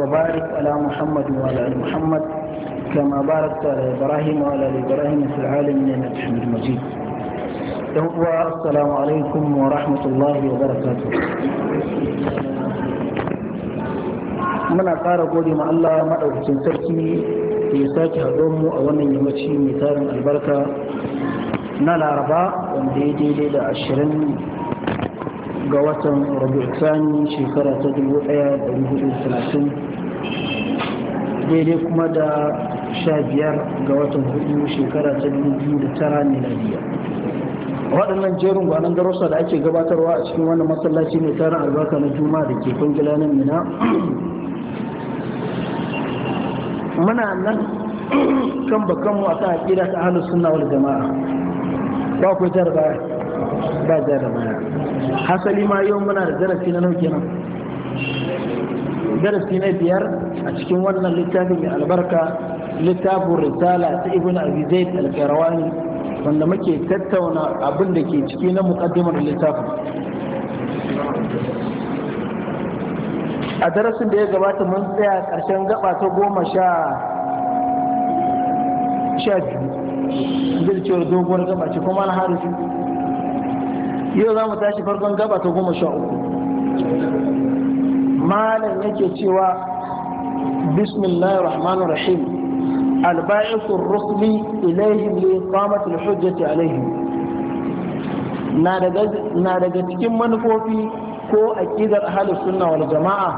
وبارك على محمد وعلى ال محمد كما باركت على إبراهيم وعلى ال إبراهيم في العالمين إنك حميد مجيد. السلام عليكم ورحمة الله وبركاته. من أقارب قولي مع الله ما أبتن تركي في ساكة دومه أولا يمشي مثال البركة نال عرباء ومديدي ليلة عشرين قواتا ربيع ثاني شكرا تدلو أياد ومهدو ثلاثين daidai kuma da sha biyar ga watan hudu shekara ta biyu da tara ne na miladiya waɗannan jerin gwanon darussa da ake gabatarwa a cikin wannan masallaci mai tarin albarka na juma'a da ke kwangila nan mina muna nan kan bakanmu a kan aƙida ta ahalus sunna wal jama'a ba ku jar ba ba jar baya hasali ma yau muna da darasi na nauke nan darasi na biyar a cikin wannan littafin mai albarka littafin risala ta ibn abi zaid al karawani wanda muke tattauna abin da ke ciki na muqaddimar littafin a darasin da ya gabata mun tsaya ƙarshen gaba ta goma sha sha biyu zai cewar doguwar gaba ce kuma na harisu yau za mu tashi farkon gaba ta goma sha uku malam yake cewa بسم الله الرحمن الرحيم الباعث الرسل إليهم لإقامة الحجة عليهم na daga cikin manufofi ko aƙidar ahalus sunna wal jama'a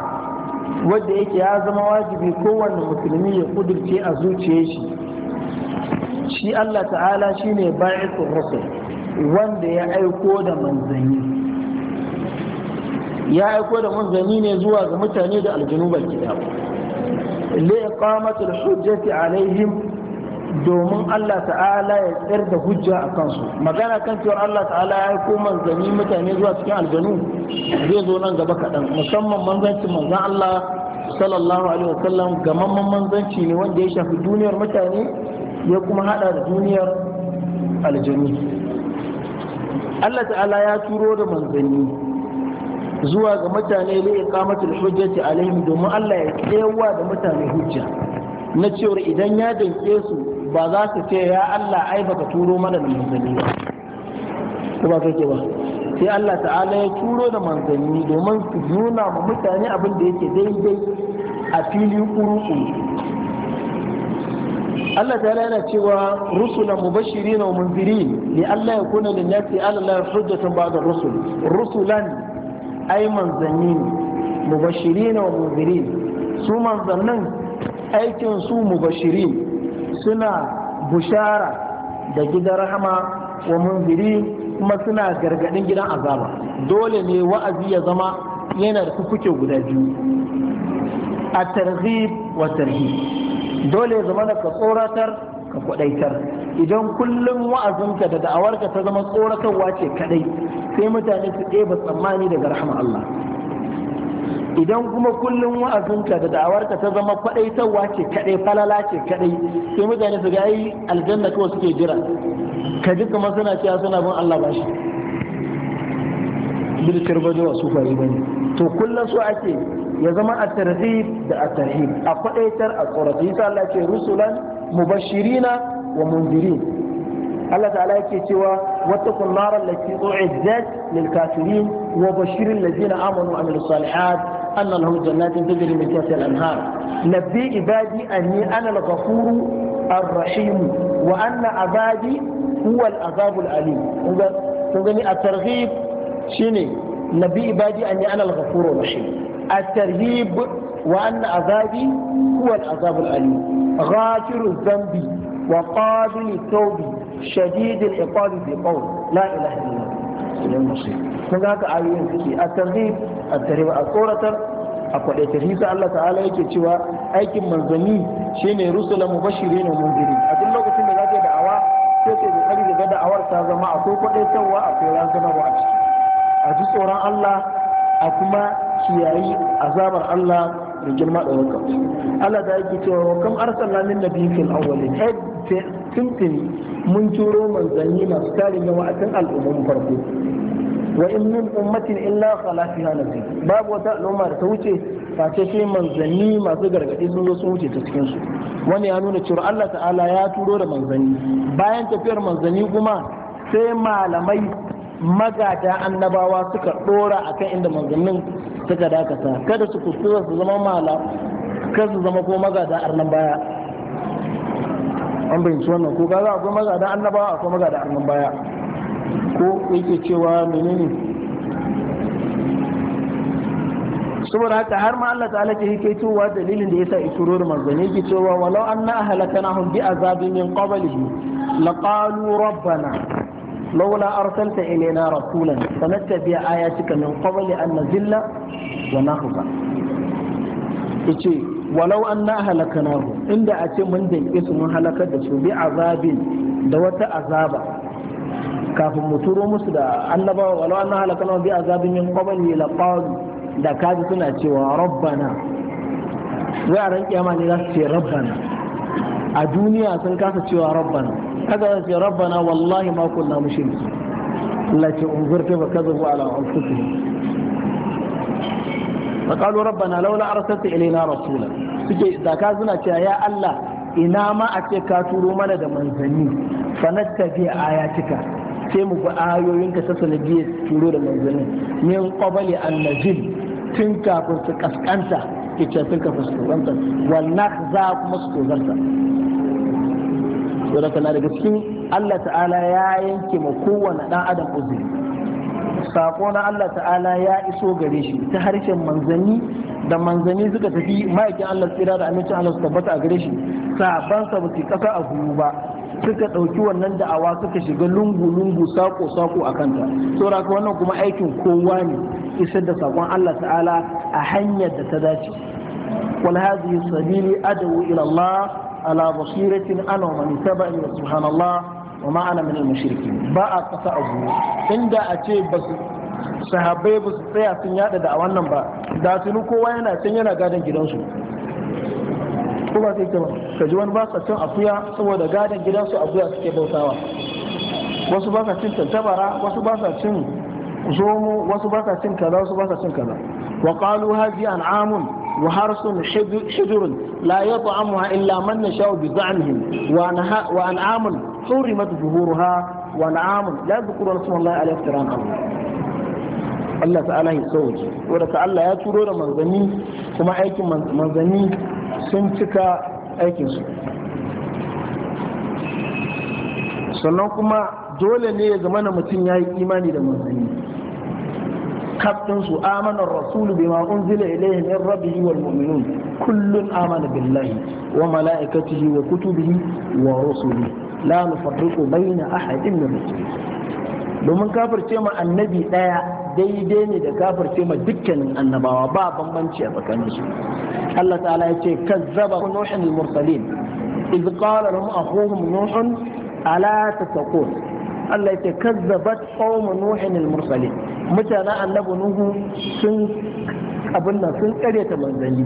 wadda yake ya zama wajibi kowanne musulmi ya kudirce a zuciyar shi shi Allah ta'ala shine ba'ithur rasul wanda ya aiko da manzanni ya aiko da manzanni ne zuwa ga mutane da aljanu baki daya liqamatul hujjati alaihim domin Allah ta'ala ya tsar da hujja a kansu magana kan cewar Allah ta'ala ya ko manzanni mutane zuwa cikin aljanu zai zo nan gaba kaɗan musamman manzancin manzan Allah sallallahu alaihi wasallam gamamman manzanci ne wanda ya shafi duniyar mutane ya kuma hada da duniyar aljanu Allah ta'ala ya turo da manzanni zuwa ga mutane li iqamatul hujjati alaihim domin Allah ya kewa da mutane hujja na cewar idan ya danke su ba za su ce ya Allah ai baka turo mana da manzanni ba ko ba kake ba sai Allah ta'ala ya turo da manzanni domin su nuna ma mutane abin da yake daidai a fili kuru-kuru Allah ta yana cewa rusulan mubashirin wa munzirin ne, Allah ya kuna lin nasi ala la hujjatan ba'da rusul rusulan ai manzanni ne mubashirin wa munzirin su manzannin aikin su mubashirin suna bushara da gidan rahama wa munziri kuma suna gargadin gidan azaba dole ne wa'azi ya zama yana da kuke guda biyu a targhib wa tarhib dole ya zama da ka tsoratar ka kwadaitar idan kullum wa'azinka da da'awarka ta zama tsoratarwa ce kadai sai mutane su ɗeba tsammani daga rahama Allah idan kuma kullum wa'azinka da da'awarka ta zama kwadaitarwa ce kadai falala ce kadai sai mutane su ga yi aljanna kawai suke jira ka ji kamar suna cewa suna bin Allah ba shi bil kirbajo wa to kullum ake ya zama a tarhib da a tarhib a kwadaitar a tsorata yasa Allah ce rusulan mubashirina wa mundirin Allah ta'ala yake cewa wattaqun nar allati u'izzat lil kafirin wa bashiril allazina amanu wa amilus salihat anna lahum jannatin tajri min tahtiha al anhar nabbi ibadi anni ana al ghafur ar-rahim wa anna الرحيم huwa al-azab al-alim kun gani a targhib shine nabi ibadi anni ana al ghafur ar rahim الترهيب وأن عذابي هو العذاب الأليم غافر الذنب وقابل التوب شديد العقاب بقول لا إله إلا الله هناك آيين في الترهيب الترهيب A akwai da tarhisa Allah ta'ala yake cewa aikin manzanni shine rusula mubashirin wa munzirin a duk lokacin da zaka da'awa sai ka kokari da da'awar ta zama akwai kwadaitarwa akwai razanarwa a ciki a ji tsoron Allah a kuma kiyayi azabar Allah da girma da wuka. Allah da yake cewa kam arsala min nabiyyin fil awwalin tintin mun turo manzanni masu tarin yawa a kan farko wa in min ummatin illa khala fiha babu wata al'umma da ta wuce face sai manzanni masu gargadi sun zo sun wuce ta cikin su wani ya nuna cewa Allah ta'ala ya turo da manzanni bayan tafiyar manzanni kuma sai malamai magata annabawa suka dora akan inda manzannin suka dakata kada su kusura su zama mala kada su zama ko a arnan baya an bayyana wannan ko gaza akwai magada annabawa akwai magada arnan baya ko yake cewa menene saboda haka har ma Allah ta'ala ke yake cewa dalilin da yasa isuro da manzanni yake cewa walau anna ahlakanahum bi azabin min qablihi laqalu rabbana لولا أرسلت إلينا رسولا فنتبع آياتك من قبل أن نذل ونخزى yace walau an na halaka nahu inda a ce mun danke su mun da su bi azabin da wata azaba kafin mu turo musu da annabawa walau an na halaka nahu bi azabin min qabli la da kaji suna cewa rabbana wai a ran kiyama ne za su ce rabbana a duniya sun kasa cewa rabbana haka za su rabbana wallahi ma kunna mushriki Allah ce unzurta fa kadhabu ala anfusihim fa qalu rabbana laula arsalta ilaina rasula suke suna cewa ya Allah ina ma a ce ka turo mana da manzanni fa nattabi ayatika sai mu ga ayoyinka ta sanadiyar turo da manzanni min qabli an najid tun kafin su kaskanta ke ce tun kafin su kaskanta wannan za kuma su tozarta don kana daga cikin Allah ta'ala ya yanke ma kowane dan adam uzuri sako na Allah ta'ala ya iso gare shi ta harshen manzanni da manzanni suka tafi ma'aikin Allah tsira da amincin Allah su tabbata a gare shi sabansa sa su kasa a guru ba suka ɗauki wannan da'awa suka shiga lungu-lungu sako-sako a kanta saboda wannan kuma aikin kowa ne isar da sakon Allah ta'ala a hanyar da ta dace wal hadhihi sabili adawu ila Allah على بصيرة أنا ومن اتبعني وسبحان الله وما أنا من المشركين باء تسأبه عند أتي بس sahabbai ba su tsaya sun yada da a wannan ba da tuni kowa yana can yana gadon gidansu ko ba sai ba ka ji wani ba sa cin akuya saboda gadon gidansu akuya suke bautawa wasu ba sa cin tantabara wasu ba sa cin zomo wasu ba sa cin kaza wasu ba sa cin kaza wa qalu hadhi an'amun وحرس حجر لا يطعمها إلا من نشاء بزعمهم وأنعام حرمت ظهورها وأنعام لا يذكر اسم الله عليه افتراء Allah ta'ala ya sauke wanda Allah ya turo da manzanni kuma aikin manzanni sun cika aikinsu sannan kuma dole ne ya zama na mutum ya yi imani da manzanni kafin su amanar rasulu bima unzila ilayhi min rabbihi wal mu'minun kullun amana billahi wa malaikatihi wa kutubihi wa rusulihi la nufarriqu baina ahadin min domin kafirce ma annabi daya daidai ne da kafirce ma dukkanin annabawa ba bambanci a tsakanin su Allah ta'ala ya ce kazzaba nuhin al-mursalin iz qala lahum akhuhum nuhun ala tattaqun Allah ya ce kazzabat qaum nuhin al-mursalin mutanen annabi nuhu sun abin nan sun karyata manzanni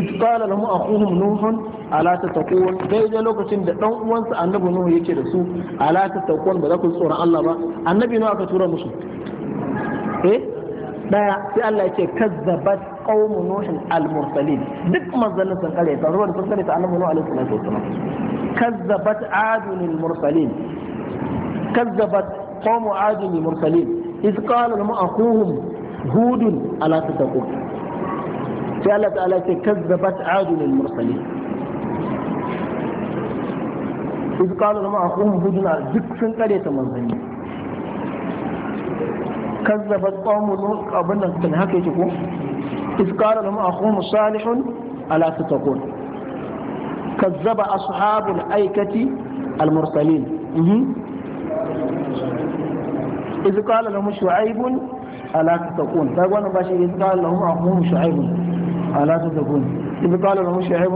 itqala a akhuhum nuhun ala tattaqun daidai lokacin da ɗan uwansa annabi nuhu yake da su ala tattaqun ba za ku tsoron Allah ba annabi nuhu aka tura musu eh daya sai Allah yake kazzabat qaumu nuhin al-mursalin duk manzannin sun karyata ruwan sun karyata annabi nuhu alaihi salatu wasalam kazzabat adun al-mursalin kazzabat qaumu adun al-mursalin إذ قال لهم أخوهم هود ألا تتقون قالت ألا تكذبت عاد للمرسلين إذ قال لهم أخوهم هود ألا تكذبت عاد للمرسلين كذبت قوم لوط قبل أن تكون إذ قال لهم أخوهم صالح ألا تتقون كذب أصحاب الأيكة المرسلين إذ قال لهم شعيب ألا تتقون فأقول طيب، نباشي إذ قال لهم أخوهم شعيب ألا تتقون إذ قال لهم شعيب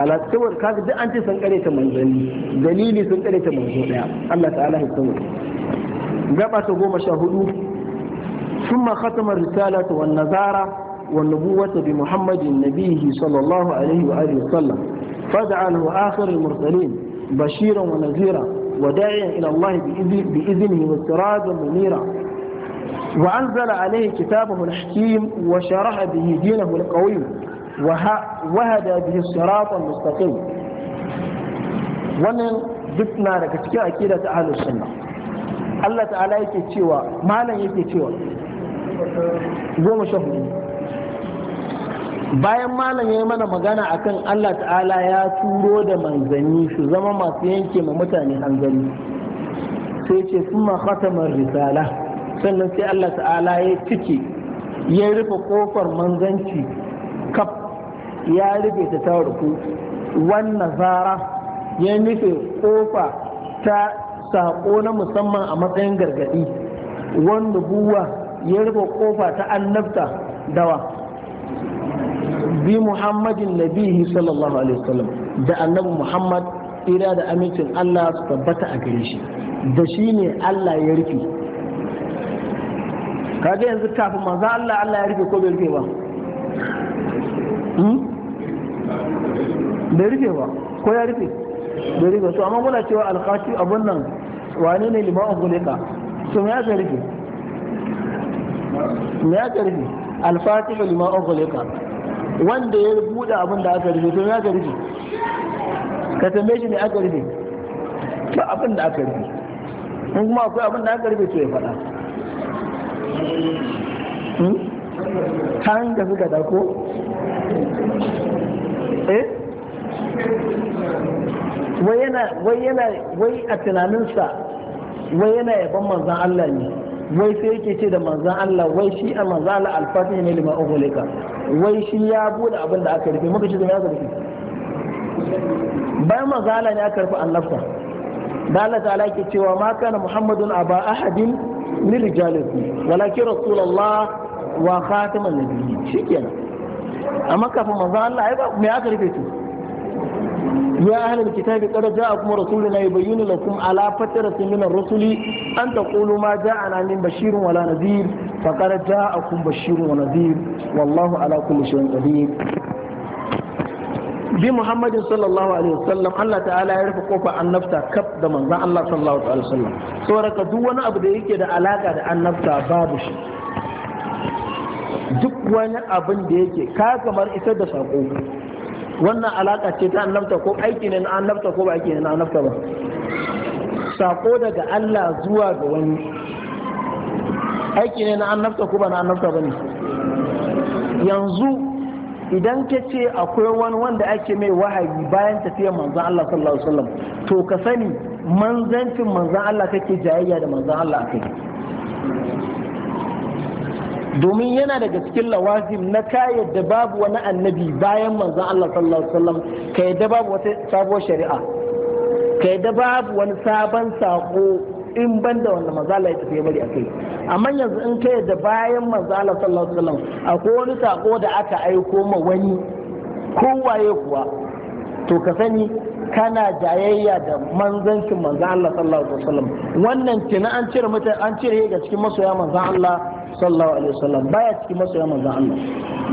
ألا تتقون كذا ده أنت سنقلت من ذلي ذليلي سنقلت من ذلي الله تعالى يتقون جابا تقوم شهدو ثم ختم الرسالة والنذارة والنبوة بمحمد النبي صلى الله عليه وآله وسلم فدعا له آخر المرسلين بشيرا ونذيرا وداعيا إلى الله باذنه, بإذنه واضطرابا منيرا وأنزل عليه كتابه الحكيم وشرح به دينه القويم وهدى به الصراط المستقيم ومن جبنا لك تكي أكيدة أهل السنة الله تعالى يكي تشوى ما لن يكي تشوى يوم شهر bayan malam ya yi mana magana akan Allah ta'ala ya turo da manzanni su zama masu yanke ma mutane hanzari sai ce ma khatamar risala sannan sai Allah ta'ala ya cike ya rufe kofar manzanci kaf ya rufe ta ta rufu wannan zara ya nufe kofa ta saƙo na musamman a matsayin gargaɗi wanda buwa ya rufe kofa ta annabta dawa bi muhammadin nabihi sallallahu alaihi wasallam da annabi muhammad ira da amincin allah su tabbata a gare shi da shi ne allah ya rufe kaga yanzu kafin manzo allah allah ya rufe ko bai rufe ba hmm? bai rufe ba ko ya rufe bai rufe to amma muna cewa alkhati abun nan wane ne liman angulika to me ya rufe me ya rufe alfatihu liman angulika wanda ya buɗe abin da aka rufe sun ya aka rufe ka tambaye shi ne aka rufe to abin da aka rufe in kuma akwai abin da aka rufe to ya faɗa hmm? kan ga suka dako eh wai yana wai yana wai a tunaninsa wai yana yaban manzon Allah ne wai sai yake ce da manzan Allah wai shi a manzan Allah alfatih ne lima ugulika wai shi ya bude abin da aka rufe muka ce da ya rufe bayan manzan Allah ne aka rufe annabta da Allah ta'ala yake cewa ma kana muhammadun aba ahadin min rijalikum walakin rasulullah wa khataman nabiyyin shikenan amma kafin manzan Allah ai ba me aka rufe to يا أهل الكتاب قد جاءكم رسولنا يبين لكم على فترة من الرسل أن تقولوا ما جاءنا من بشير ولا نذير فقد جاءكم بشير ونذير والله على كل شيء قدير bi muhammadin sallallahu alaihi wasallam Allah ta'ala ya rufe kofa annabta kaf da manzon Allah sallallahu duk wani abu da yake da alaka da annabta babu shi duk wani abin da yake ka kamar isar da sako wannan alaka ce ta annabta ko aiki ne na annabta ko ba aiki ne na annabta ba sako daga Allah zuwa ga wani aiki ne na annabta ko ba na annabta ba ne yanzu idan ka ce akwai wani wanda ake mai wahayi bayan tafiyar manzan Allah sallallahu alaihi wasallam to ka sani manzancin manzan Allah kake jayayya da manzan Allah kai domin yana daga cikin lawazim na ka yadda babu wani annabi bayan manzon Allah sallallahu alaihi wasallam ka yadda babu wata sabuwar shari'a ka yadda babu wani sabon sako in ban da wanda manzo Allah ya tafi bari akai amma yanzu in ka yadda bayan manzo Allah sallallahu alaihi wasallam akwai wani sako da aka aiko ma wani kowaye kuwa to ka sani kana jayayya da manzancin manzo Allah sallallahu alaihi wasallam wannan kina an cire mutan an cire ga cikin masoya manzo Allah sallallahu alaihi wasallam baya cikin masoya manzon Allah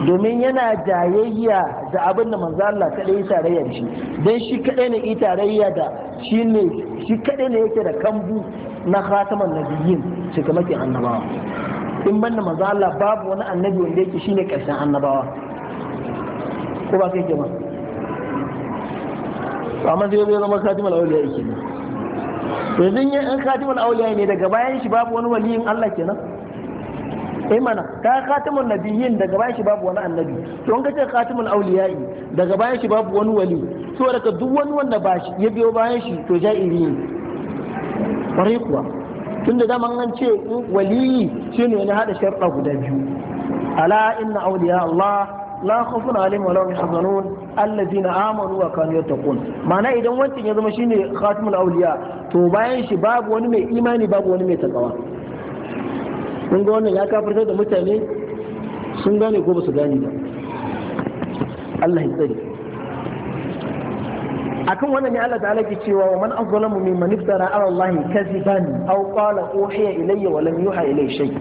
domin yana jayayya da abin da manzon Allah kadai ya tarayya da shi dan shi kadai ne ya tarayya da shi ne shi kadai ne yake da kambu na khataman nabiyyin shi kuma ke annabawa in banda manzon Allah babu wani annabi wanda yake shine karshen annabawa ko ba kai ke ba amma sai zai zama khatimul awliya yake ne yanzu in khatimul awliya ne daga bayan shi babu wani waliyin Allah kenan eh mana ka khatimun nabiyyin daga bayan shi babu wani annabi to in kace khatimul awliya'i daga bayan shi babu wani wali to daga duk wani wanda ba shi ya biyo bayan shi to ja'iri ne kwarai kuwa tunda da an ce waliyi shine wani hada sharɗa guda biyu ala inna awliya Allah la khawfun alaihim wa la hum yahzanun allazina amanu wa kanu yattaqun ma'ana idan wancan ya zama shine khatimul awliya to bayan shi babu wani mai imani babu wani mai takawa sun ga wannan ya kafirtar da mutane sun gane ko ba su gane ba Allah ya tsare akan wannan ne Allah ta'ala ke cewa wa man azlamu mimman iftara ala Allah kaziban aw qala uhiya ilayya wa lam yuha ilayya shay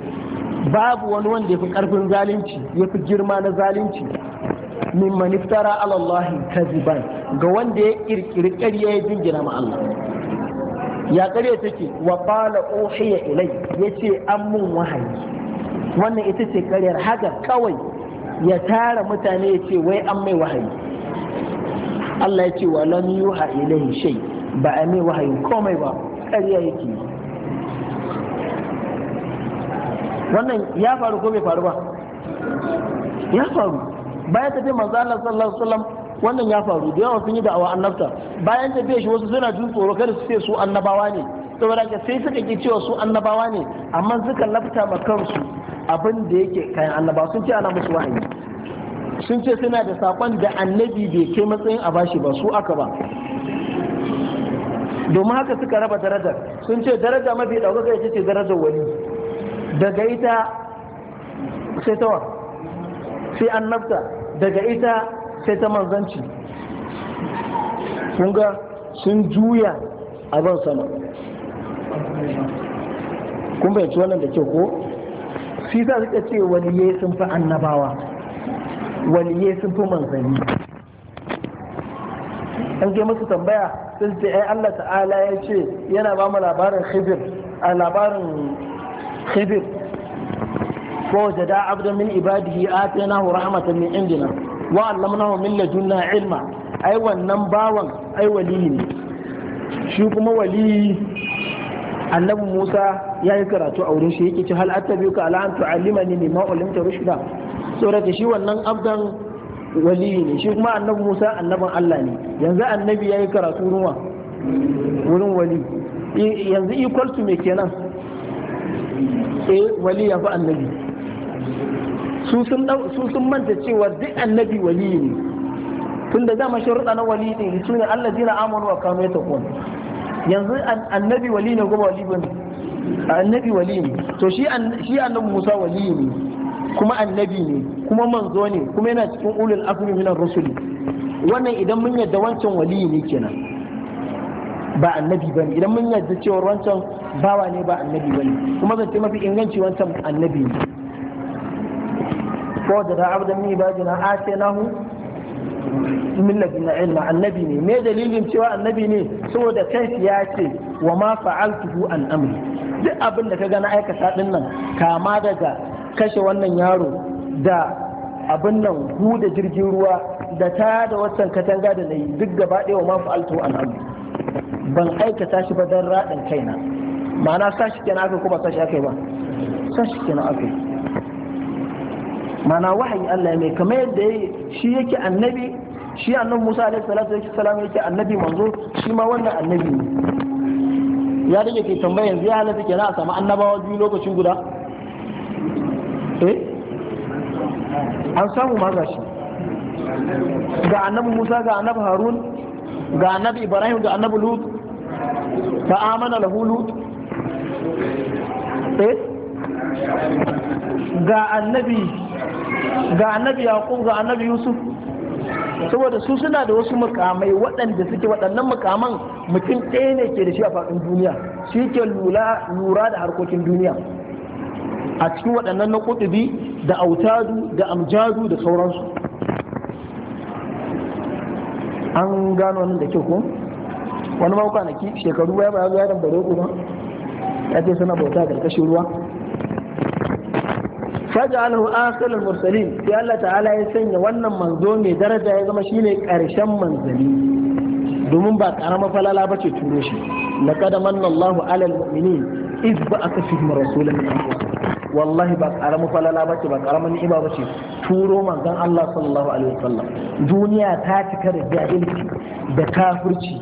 babu wani wanda yafi karfin zalunci yafi girma na zalunci mimman iftara ala Allah kaziban ga wanda ya kirkiri ƙarya ya jingina ma Allah ya kare take wa qala uhiya ilai yace an mun wahayi wannan ita ce karyar haka kawai ya tara mutane ya ce wai an mai wahayi Allah ya ce wa lam yuha ilai shay ba a mai wahayi komai ba karya yake wannan ya faru ko bai faru ba ya faru bayan tafi manzo Allah sallallahu alaihi wasallam wannan ya faru da yawa sun yi da'awa annabta bayan da bai shi wasu suna jin tsoro kada su ce su annabawa ne saboda ka sai suka ki cewa su annabawa ne amma suka lafta ma kansu abin da yake kayan annabawa sun ce ana musu wahayi sun ce suna da sakon da annabi bai kai matsayin a bashi ba su aka ba domin haka suka raba darajar sun ce daraja mafi ɗaukaka ita ce darajar wani daga ita sai tawa sai annabta daga ita sai ta manzanci kun ga sun juya abin sama kun bayanci wannan da ke ko shi za su ce yi sun fi annabawa yi sun fi manzanni an ke musu tambaya sun ce ai Allah ta'ala ya ce yana ba mu labarin khidir a labarin khidir ko jada abdan min ibadihi ataynahu rahmatan min indina wa allamnahu min ladunna ilma ai wannan bawan ai wali ne shi kuma wali annabi Musa ya yi karatu a wurin shi yake ce hal attabiuka ala an tu'allimani mimma ulimta rushda saboda shi wannan abdan wali ne shi kuma annabi Musa annabin Allah ne yanzu annabi ya yi karatu ruwa wurin wali yanzu equal to me kenan eh wali ya fi annabi su sun manta cewa duk annabi wali ne tunda dama sharuɗa na wali ne su ne Allah jina amanu wa ta yatakun yanzu annabi wali ne ko wali ne annabi wali ne to shi shi annabi Musa wali ne kuma annabi ne kuma manzo ne kuma yana cikin ulul azmi minar rusuli wannan idan mun yadda wancan wali ne kenan ba annabi bane idan mun yadda cewa wancan bawa ne ba annabi bane kuma zan ce mafi inganci wancan annabi ne فوجد عبدا من عبادنا آتيناه min ladina ilma annabi ne me dalilin cewa annabi ne saboda kai ya ce wa ma fa'altuhu an amri duk abin da kaga na aikata din nan kama daga kashe wannan yaro da abin nan huda jirgin ruwa da ta da waccan katanga da na yi duk gaba ɗaya wa ma fa'altuhu an amri ban aikata shi ba dan radin kaina ma'ana sashi kenan aka ko ba sashi aka yi ba sashi kenan aka yi mana wahayin Allah mai kamar yadda shi yake annabi shi annabi Musa alaihi salatu yake salam yake annabi manzo shi ma wannan annabi ne ya dake ke tambaya yanzu ya halatta kenan a samu annabawa biyu lokaci guda eh an samu ma gashi ga annabi Musa ga annabi Harun ga annabi Ibrahim ga annabi Lut ta amana lahu Lut eh ga annabi ga annabi yaqub ga annabi yusuf saboda su suna da wasu mukamai waɗanda suke waɗannan mukaman mutum ɗaya ne ke da shi a faɗin duniya shi ke lura da harkokin duniya a cikin waɗannan na ƙudubi da autadu da amjadu da sauransu an gano wannan da kyau ko wani ma kwanaki shekaru ya ba ya zo yaron bare kuma ya ce suna bauta a ƙarƙashin ruwa faj'alahu akhirul mursalin sai Allah ta'ala ya sanya wannan manzo mai daraja ya zama shine karshen manzali domin ba karama falala bace turo shi laqad manna Allahu 'alal mu'minin iz ba'atha fihim rasulan wallahi ba karama falala bace ba karama ni'ima bace turo manzon Allah sallallahu alaihi wasallam duniya ta cika da jahilci da kafirci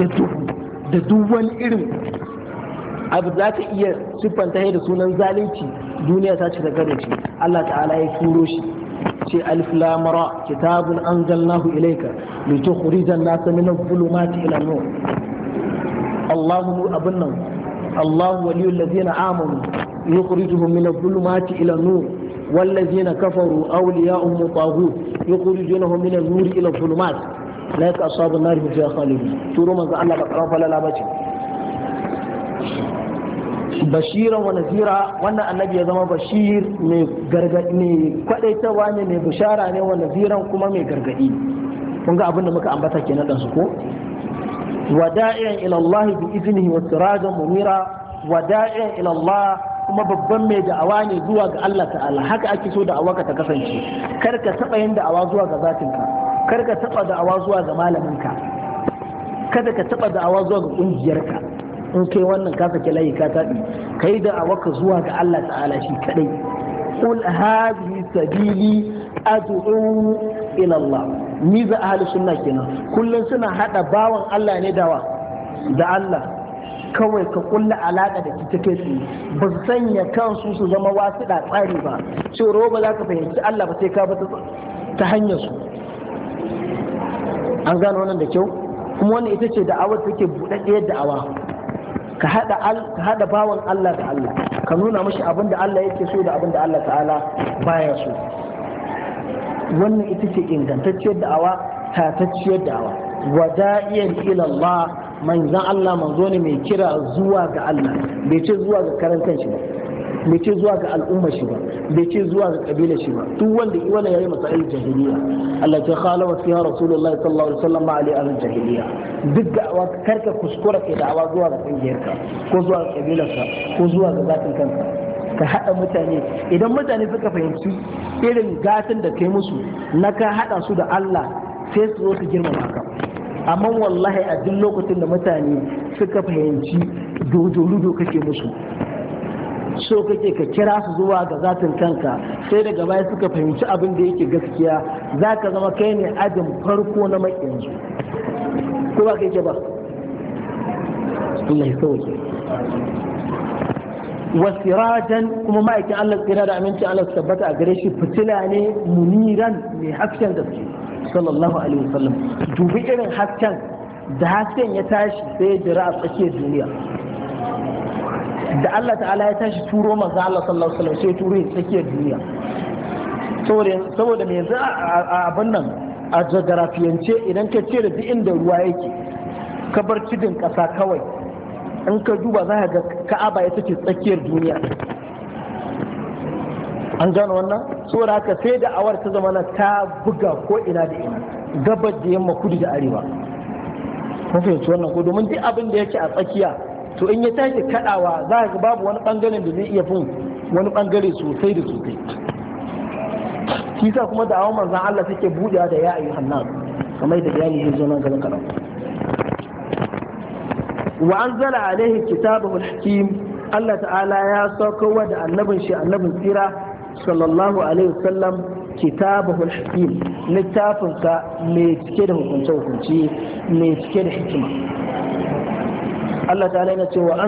da duhu da duk wani irin abu za ta iya siffanta da sunan zalunci duniya ta ci daga da ce Allah ta'ala ya turo shi ce alif lam ra kitabun anzalnahu ilayka litukhrijan nas min adh-dhulumati ila an-nur Allahu abun nan Allahu waliyul ladina amanu yukhrijuhum min adh-dhulumati ila an-nur والذين كفروا أولياؤهم الطاغوت يخرجونهم من النور إلى الظلمات لا يتأصاب النار من فيها خالدون شو رمز الله بقرا فلا لا ce. bashiran wa nazira wannan annabi ya zama bashir mai gargadi mai kwadaitawa ne mai bushara ne wa naziran kuma mai gargadi kun ga abin da muka ambata kenan dan su ko wa da'iyan ila Allah bi iznihi wa sirajan munira wa da'iyan ila Allah kuma babban mai da'awa ne zuwa ga Allah ta'ala haka ake so da'awa ka ta kasance kar ka taba yin da'awa zuwa ga zatinka kar ka taba da'awa zuwa ga malaminka kada ka taba da'awa zuwa ga kungiyarka in kai wannan ka sake layi ka tabi kai da awaka zuwa ga Allah ta'ala shi kadai qul hadhihi sabili ad'u ila Allah ni za ahli sunna kenan kullun suna hada bawan Allah ne dawa da Allah kawai ka kulla alaka da kita kai su ba su sanya kansu su zama wasu da tsari ba sai roba za ka fahimci Allah ba sai ka ba ta hanyar su an gano wannan da kyau kuma wannan ita ce da'awar take buɗaɗɗiyar da'awa ka hada bawan Allah da Allah ka nuna mashi abin da Allah yake so da abin da Allah ta'ala baya so wannan ita ce ingantacciyar da'awa tatacciyar da'awa wa da'iyan ila Allah manzon Allah manzo ne mai kira zuwa ga Allah bai ce zuwa ga karan kanshi ba bai ce zuwa ga al'umma shi ba bai ce zuwa ga kabila shi ba duk wanda yi wannan yayi masail jahiliya Allah ta khalawa fiha rasulullahi sallallahu alaihi wasallam ma ali al jahiliya duk da awa karka kuskura kai da'awa zuwa ga kungiyarka ko zuwa ga kabilarka ko zuwa ga zatin kanka ka haɗa mutane idan mutane suka fahimci irin gatin da kai musu na ka haɗa su da Allah sai su zo su girmama ka amma wallahi a duk lokacin da mutane suka fahimci dojo-ludo dodo kake musu so kake ka kira su zuwa ga zatin kanka sai daga baya suka fahimci abin da yake gaskiya za ka zama kai ne ajin farko na maƙiyansu ko ba kai ba Allah ya sauke wasirajan kuma ma'aikin Allah tsira da aminci Allah su tabbata a gare shi fitila ne muniran mai hasken gaske sallallahu alaihi wasallam dubi irin hasken da hasken ya tashi sai ya jira a tsakiyar duniya da Allah ta'ala ya tashi turo manzo Allah sallallahu alaihi wasallam sai turo ya tsakiyar duniya saboda saboda me yanzu a abin nan a geografiyance idan ka ce da duk inda ruwa yake ka bar cikin kasa kawai in ka duba za ka ga Ka'aba ya ce tsakiyar duniya an gano wannan saboda haka sai da awar ta zama ta buga ko ina da ina gabar da yamma kudu da arewa kun fahimci wannan ko domin duk abin da yake a tsakiya to in ya tashi kadawa za ka babu wani bangaren da zai iya fin wani bangare sosai da sosai kisa kuma da awon manzan Allah take budewa da ya ayyuhan kuma kamar da bayani zai zo nan gaban karam wa anzala alaihi kitabahu alhakim Allah ta'ala ya saukowa da annabin shi annabin tsira sallallahu alaihi wasallam kitabahu alhakim littafinsa mai cike da hukunce hukunci mai cike da hikima Allah ta'ala yana cewa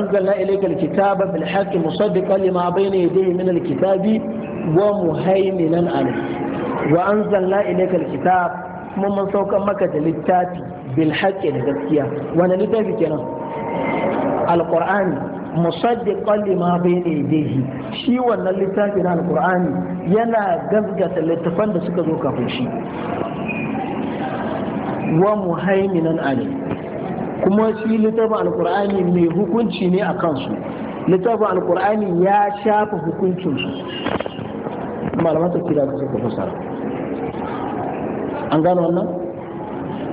wa muhaiminan alayhi wa anzalna ilayka maka da littafi bil haqqi da gaskiya wannan littafi kenan alqur'ani musaddiqan lima bayna shi wannan littafi na alqur'ani yana gaskata littafan da suka zo kafin wa muhaiminan kuma shi littafin alkur'ani mai hukunci ne a kansu littafin alkur'ani ya shafa hukuncinsu malaman tafsira da suka fasara an gano wannan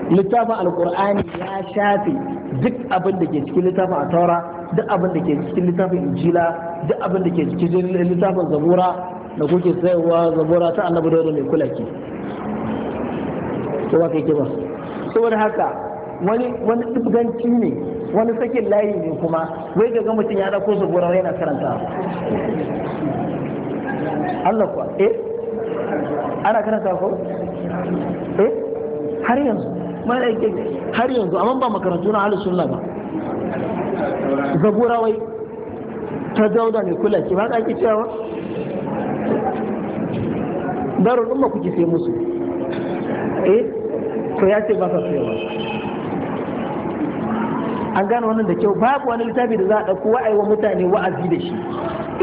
littafin alkur'ani ya shafe duk abin da ke cikin littafin a taura duk abin da ke cikin littafin injila duk abin da ke cikin littafin zabura da kuke sayarwa zabura ta annabi da mai kula ke ko ba kai ke ba saboda haka wani wani dubganci ne wani sakin layi ne kuma wai ga mutum ya dauko su gora yana karanta Allah kuwa eh ana karanta ko eh har yanzu mai aiki har yanzu amma ba makarantu na halin sunna ba zabura wai ta dauda ne kula ce ba ka ki cewa darul umma kuke sai musu eh Ko ya ce ba sa ba an gane wannan da kyau babu wani littafi da za a ɗauko wa'ai wa mutane wa'azi da shi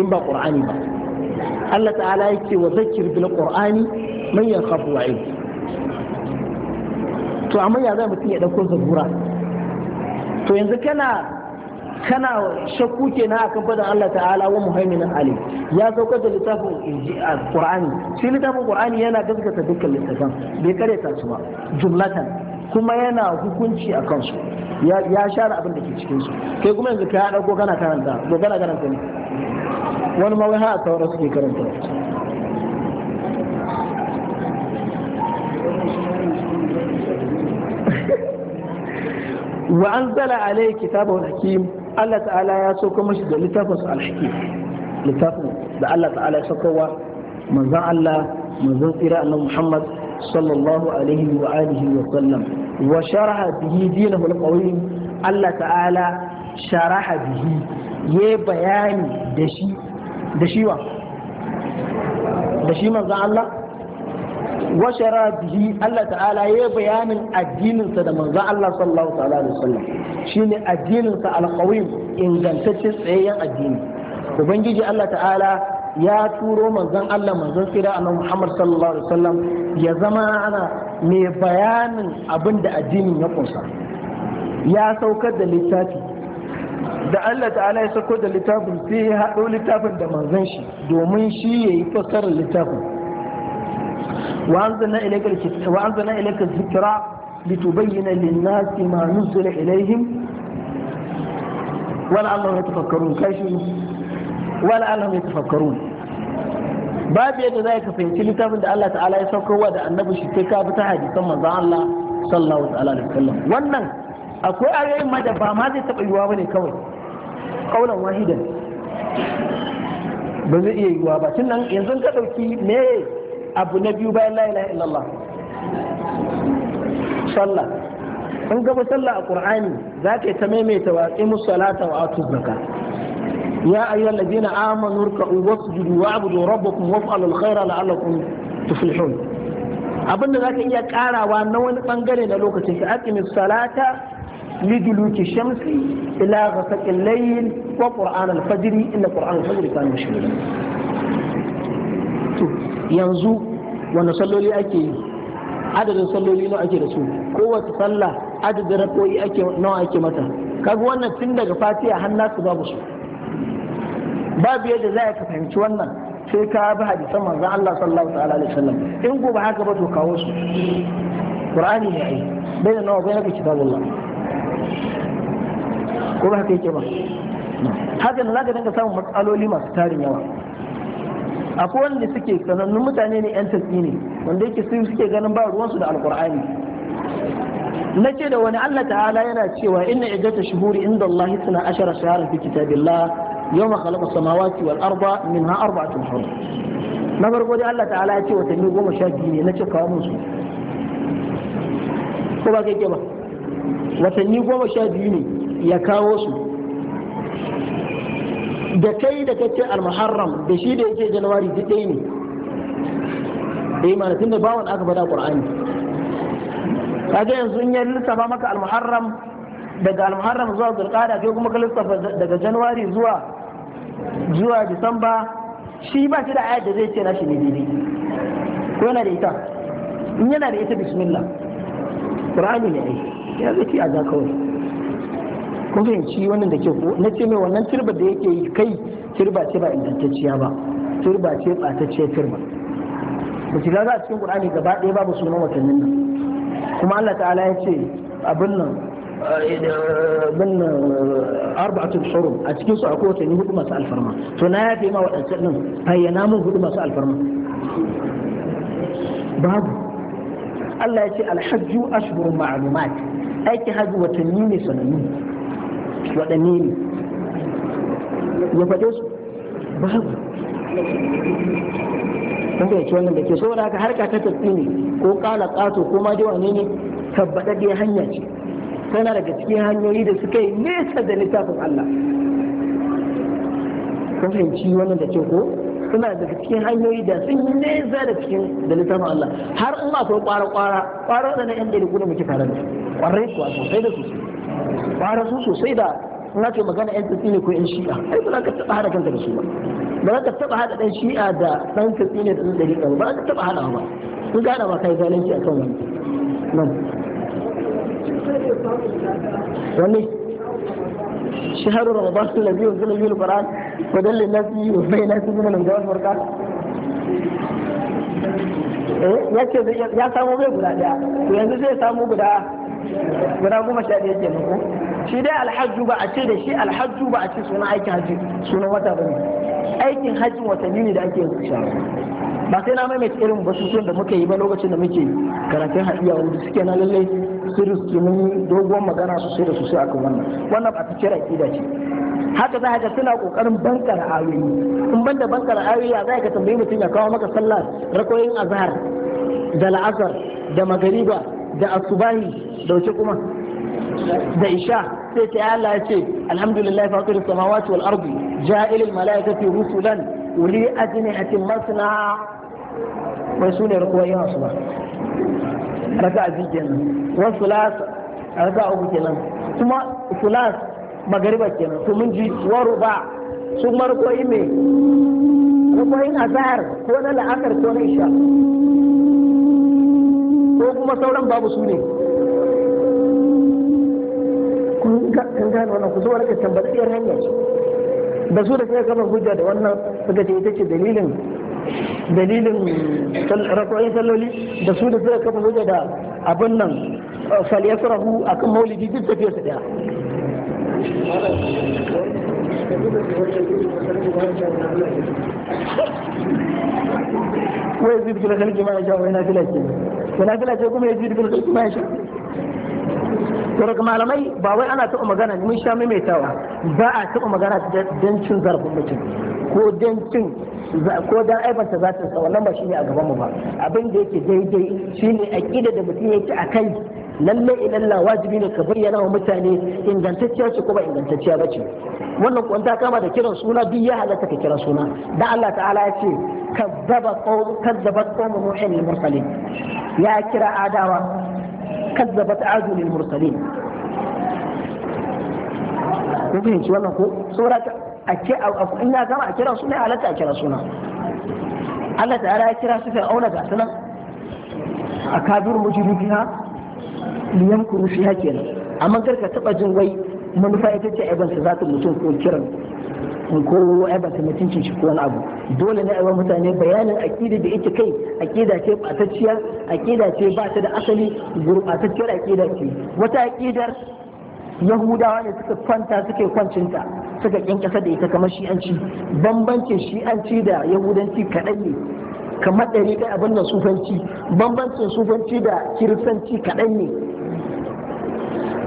in ba qur'ani ba Allah ta'ala yake wa zakir bil qur'ani man yakhafu wa'id to amma ya zai mutum ya ɗauko zabura to yanzu kana kana shakku kenan akan fadan Allah ta'ala wa muhaiminan ali ya saukar da littafin qur'ani shi littafin qur'ani yana gaskata dukkan littafan bai kare ta su ba jumlatan kuma yana hukunci a kansu ya share abin da ke cikin su kai kuma yanzu ka haɗa ko kana karanta ko kana karanta ne wani ma haɗa har a suke karanta wa an anzala alayhi al hakim Allah ta'ala ya sauko mashi da littafin su al-hakim littafin da Allah ta'ala ya saukowa manzon Allah manzon tsira annabi Muhammad صلى الله عليه وآله وسلم وشرح به دينه القويم الله تعالى شرح به يبيان دشي دشيوا دشي من الله وشرح به الله تعالى يبيان الدين سد من الله صلى الله عليه وسلم شين الدين القويم إن كان تتسعي الدين وبنجي الله تعالى ya turo manzon Allah manzon tsira annabi Muhammad sallallahu alaihi wasallam ya zama ana mai bayanin abin da addinin ya kunsa ya saukar da littafi da Allah ta'ala ya sauko da littafin sai ya haɗo littafin da manzon shi domin shi ya yi fassarar littafin wa anzalna ilayka dhikra litubayyana lin-nasi ma nuzila ilayhim wa la'allahum yatafakkarun kashi wa la'allahum yatafakkarun babu yadda za ka fahimci littafin da Allah ta'ala ya saukarwa da annabi shi sai ka bi ta hadisan manzon Allah sallallahu alaihi wasallam wannan akwai ayoyin ma da ba ma zai taɓa yiwuwa bane kawai kaulan wahidan ba zai iya yiwuwa ba tun nan yanzu ka ɗauki me abu na biyu bayan la ilaha illallah sallah in gaba sallah a qur'ani za ka ta maimaita wa qimus salata wa atuz zakat ya ayyuhal ladina amanu ruk'u wasjudu wa'budu rabbakum waf'alul khaira la'allakum tuflihun abin da zaka iya karawa na wani bangare na lokacin ka aqimus salata liduluki shamsi ila ghasaqil layl wa qur'an al-fajr inna qur'an al-fajr kana mashhura to yanzu wannan salloli ake yi adadin salloli na ake da su kowace sallah adadin rakoyi ake nawa ake mata kaga wannan tun daga fatiha har nasu babu su babu yadda za ka fahimci wannan sai ka bi hadisan manzon Allah sallallahu alaihi wasallam in gobe haka ba to kawo su qur'ani ne ai bai da nawa bai da kitabullah ko ba haka ke ba haka ne zaka dinga samun matsaloli masu tarin yawa akwai wanda suke sanannun mutane ne yan tasbi ne wanda yake su suke ganin ba ruwansu da alqur'ani na ce da wani Allah ta'ala yana cewa inna iddata shuhuri inda Allah suna ashara shahara fi kitabillah yau ma khalaqa samawati wal arda minha arba'atun hurum na farko dai Allah ta'ala ya ce watanni goma sha biyu ne na ce kawo musu ko ba kai ba watanni goma sha biyu ne ya kawo su da kai da kace al-muharram da shi da yake januwari duk ɗaya ne eh mana tunda bawon aka faɗa qur'ani kaga yanzu in ya lissafa maka al-muharram daga al-muharram zuwa zulqa'ada kai kuma ka lissafa daga januwari zuwa zuwa disamba shi ba shi da ayat da zai ce shi ne daidai ko yana da ita in yana da ita bismillah qur'ani ne ya zaki a za kawai kun fahimci wannan da ke ko na ce mai wannan turba da yake yi kai turba ce ba ingantacciya ba turba ce ɓatacciyar turba ba shiga za a cikin qur'ani gaba ɗaya babu sunan watannin nan kuma Allah ta'ala ya ce abin nan bin arba'atul hurum a cikin su akwai watanni hudu masu alfarma to na yafe ma waɗancan nan bayyana mun hudu masu alfarma babu Allah ya ce alhajju ashhurun ma'lumat aiki hajji watanni ne sanannu waɗanne ne ya faɗe su babu kun fahimci wannan da ke saboda haka harka ta tafi ne ko kala kato ko ma dai wane ne tabbataddiyar hanya ce tana daga cikin hanyoyi da suka yi nesa da littafin Allah kun fahimci wannan da ke ko suna daga cikin hanyoyi da sun yi nesa da cikin da littafin Allah har in ma akwai kwara kwara kwara da yan da kuna muke tare da su kwarai kuwa sosai da sosai kwara su sosai da na ce magana yan tafi ne ko yan shi'a ai ba za ka taɓa hada da su ba ba za ka taba hada dan shi'a da dan kasine da dan dari ba za ka taba hada ba kun gane ba kai zalunci a kan wannan wani shahar ramadan sun labi wanzu labi al-qur'an wa dalil nasi wa bayna nasi min al-jawab barka eh, ya ce ya samu bai guda daya yanzu zai samu guda guda goma sha daya kenan ko shi dai alhajju ba a ce da shi alhajju ba a ce suna aikin hajji suna wata ba ne aikin hajji watanni ne da ake yin sha ba sai na maimaita irin sun da muka yi ba lokacin da muke karatun hadiya wanda suke na lalle sirri su mun dogon magana sosai da sosai akan wannan wannan ba ta kira kida ce haka za ga suna kokarin bankar ayoyi in banda bankar ayoyi za ka tambayi mutum ya kawo maka sallah rakoyin azhar da la'azar da magariba da asubahi da wace kuma دايشا سيت الله يتي الحمد لله فاطر السماوات والارض جائل الملائكة رسلا ولي اجنحة مصنع ويسول يركوا يا صلاة ركع زيجنا وصلاس ركع أبوكنا ثم صلاس مغربة كنا ثم جيت وربع ثم ركوا إمي ركوا إن أزار كونا لأكر كونا إشاء ركوا مصورا بابو سولي kun gane wannan ku saboda ka tambayi ɗiyar hanyar su da su da kai kama hujja da wannan suka ce ita ce dalilin dalilin rakwai salloli da su da suka kama hujja da abin nan a kan maulidi duk tafiya su daya wai zai bi kira kalki ma ya sha wai na fila na fila kuma ya zai bi kira kalki ma to malamai ba wai ana taɓa magana mun sha maimaitawa za a taɓa magana da dancin zarafin mutum ko dancin ko dan aibanta za ta lamba ba shine a gaban mu ba abin da yake daidai shine aqida da mutum yake a kai lalle la wajibi ne ka bayyana wa mutane ingantacciya ce ko ba ingantacciya ba ce wannan kuwan ta kama da kiran suna duk ya halatta ka kira suna dan Allah ta'ala ya ce kazzaba qawm kazzabat qawm nuhin mursalin ya kira adawa kazzabat adu lil mursalin kun fahimci wannan ko saboda a ce in ya gama a kira suna halatta a kira suna Allah ta'ala ya kira su fir'auna ga sunan a kabir mujribiha liyan kurufiha kenan amma karka taba jin wai manufa ita ce aibansa za ta ko kiran ko ai ba mutuncin shi ko wani abu dole ne a mutane bayanin akida da ita kai akida ce batacciya akida ce ba ta da asali gurbatacciyar akida ce wata akidar yahudawa ne suka kwanta suke kwancinta suka kyankasa da ita kamar shi'anci bambancin shi'anci da yahudanci kaɗan ne kamar ɗari kai abin da sufanci bambancin sufanci da kiristanci kaɗan ne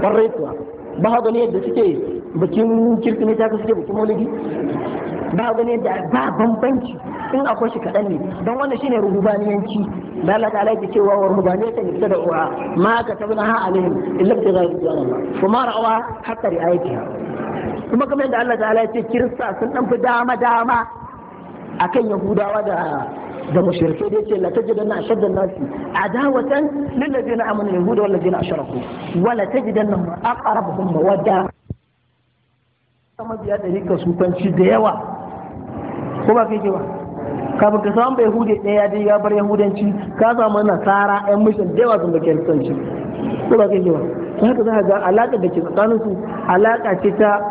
ƙwarai kuwa ba haka ne yadda suke bikin kirkimeti haka suke bikin maulidi ba gani da ba bambanci in akwai shi kaɗan ne don wannan shine rububaniyanci da Allah ta'ala yake cewa wa rububaniyata ne da uwa ma ka tabna ha alaihim illa bi ghairi Allah kuma rawa hatta riayatiha kuma kamar yadda Allah ta'ala yake kirista sun dan fi dama dama akan yahudawa da da mushrikai da yace la tajidanna ashadda an-nasi adawatan lil ladina amanu yahuda wal ladina ashraku wa la tajidanna aqrabahum mawadda sama biya da Rika sufanci da yawa ko ba kai ke ba kafin ka samu bai hude ɗaya dai ya bar yahudanci ka samu nasara yan mishin da yawa sun da kiristanci ko ba kai ke ba ta haka za ka ga alaƙa da ke tsakaninsu alaƙa ce ta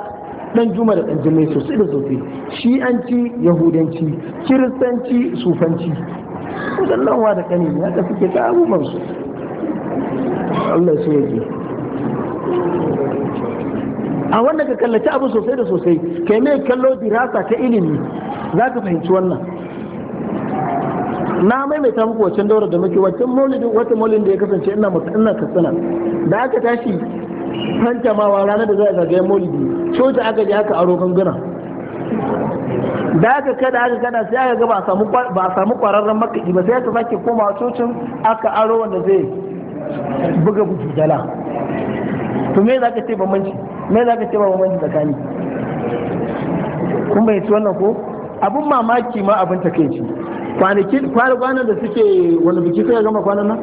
dan juma da dan jumai sosai da sosai shi'anci yahudanci kiristanci sufanci wadannan wa da kani ne haka suke ta abubuwan su Allah ya so yake a wanda ka kallaci abu sosai da sosai yi mai kallo dirasa ta ilimi za ka fahimci wannan na maimaita muku wacce daura da muke wacce maulidin wata maulidin da ya kasance ina mutu ina kasana da aka tashi fantamawa ranar da za a zagaye maulidi soja aka je aka aro gangana. da aka kada aka kada sai aka ga ba a samu kwararren makaɗi ba sai aka sake komawa cocin aka aro wanda zai buga bujudala to me za ka ce manci me za ka ce ba bambanci tsakani kun bai wannan ko abun mamaki ma abin kai kwanakin kwanan da suke wani biki kai gama kwanan nan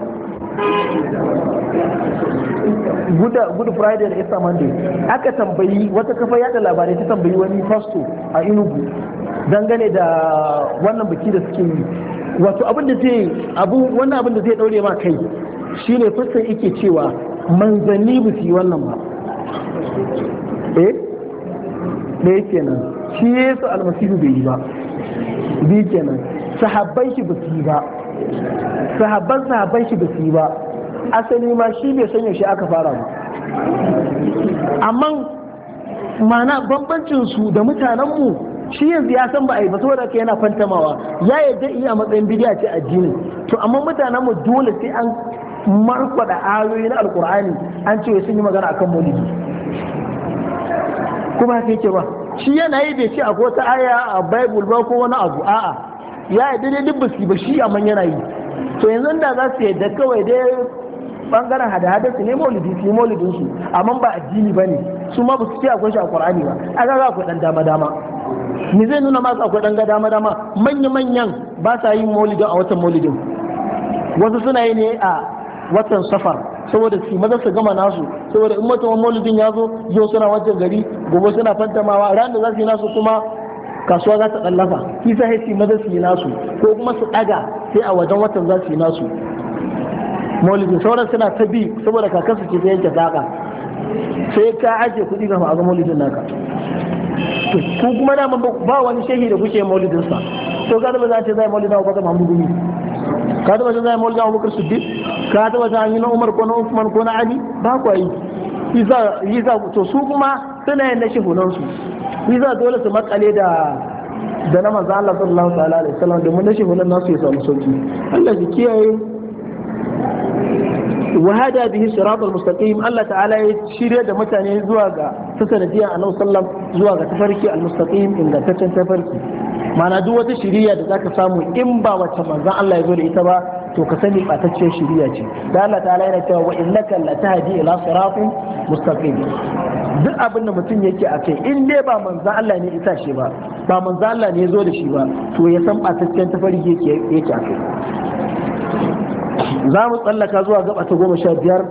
good friday da easter monday aka tambayi wata kafa yada labarai ta tambayi wani fasto a inugu dangane da wannan biki da suke yi wato abin da zai abu wannan abin da zai daure ma kai shine fasta yake cewa manzanni bu su yi wannan ba eh ɗaya nan shi yesu almasihu bai yi ba biyu kenan sahabban shi ba su yi ba sahabban sahabban shi ba su yi ba asali ma shi bai san shi aka fara ba amma mana bambancin su da mutanen mu shi yanzu ya san ba a yi ba saboda ka yana fantamawa ya yadda iya matsayin bidiya ce addini to amma mutanen mu dole sai an da ayoyi na alkur'ani an ce sun yi magana akan maulidi kuma haka yake ba shi yana yi bai ce a wata aya a bible ba ko wani abu a'a ya yi daidai duk baski ba shi amma yana yi to yanzu da za su yadda kawai dai bangaren hada-hada su ne maulidi su maulidin su amma ba addini ba ne su ma ba su ce akwai shi a qur'ani ba a ga akwai dan dama-dama ni zai nuna masu akwai dan dama-dama manya-manyan ba sa yin maulidin a watan maulidin wasu suna yi ne a watan safar saboda su maza su gama nasu saboda in mutum maulidin ya zo yau suna wajen gari gobe suna fantamawa ran da za su yi nasu kuma kasuwa za ta ɗallafa shi sa sai maza su yi nasu ko kuma su ɗaga sai a wajen watan za su yi nasu maulidin sauran suna ta bi saboda kakansu ke ta yanke daga sai ka ajiye kuɗi ga ma'azin maulidin naka ko kuma da ba wani shehi da kuke maulidinsa to ga da ba za ta zai maulidin ba ga mamudin ka taba jin zai maulidin abubakar siddiq ka taba jin yi na umar ko na usman ko na ali ba kwa yi yi za to su kuma suna yin na shi su yi za dole su makale da da na manzo Allah sallallahu alaihi wasallam domin na shi shehunan nasu ya samu sauki Allah ya kiyaye وهذا به الصراط المستقيم الله تعالى shirya da mutane zuwa ga ta sanadiyar annabi sallallahu zuwa ga tafarki al-mustaqim ingantaccen tafarki mana duk wata shiriya da zaka samu in ba wacce manzon Allah ya zo da ita ba to ka sani batacciyar shiriya ce da Allah ta'ala yana cewa wa innaka latahdi ila siratin mustaqim duk abin da mutum yake a kai in dai ba manzon Allah ne ita shi ba ba manzon Allah ne ya zo da shi ba to ya san batacciyar tafarki yake yake a kai za mu tsallaka zuwa gaba ta goma sha biyar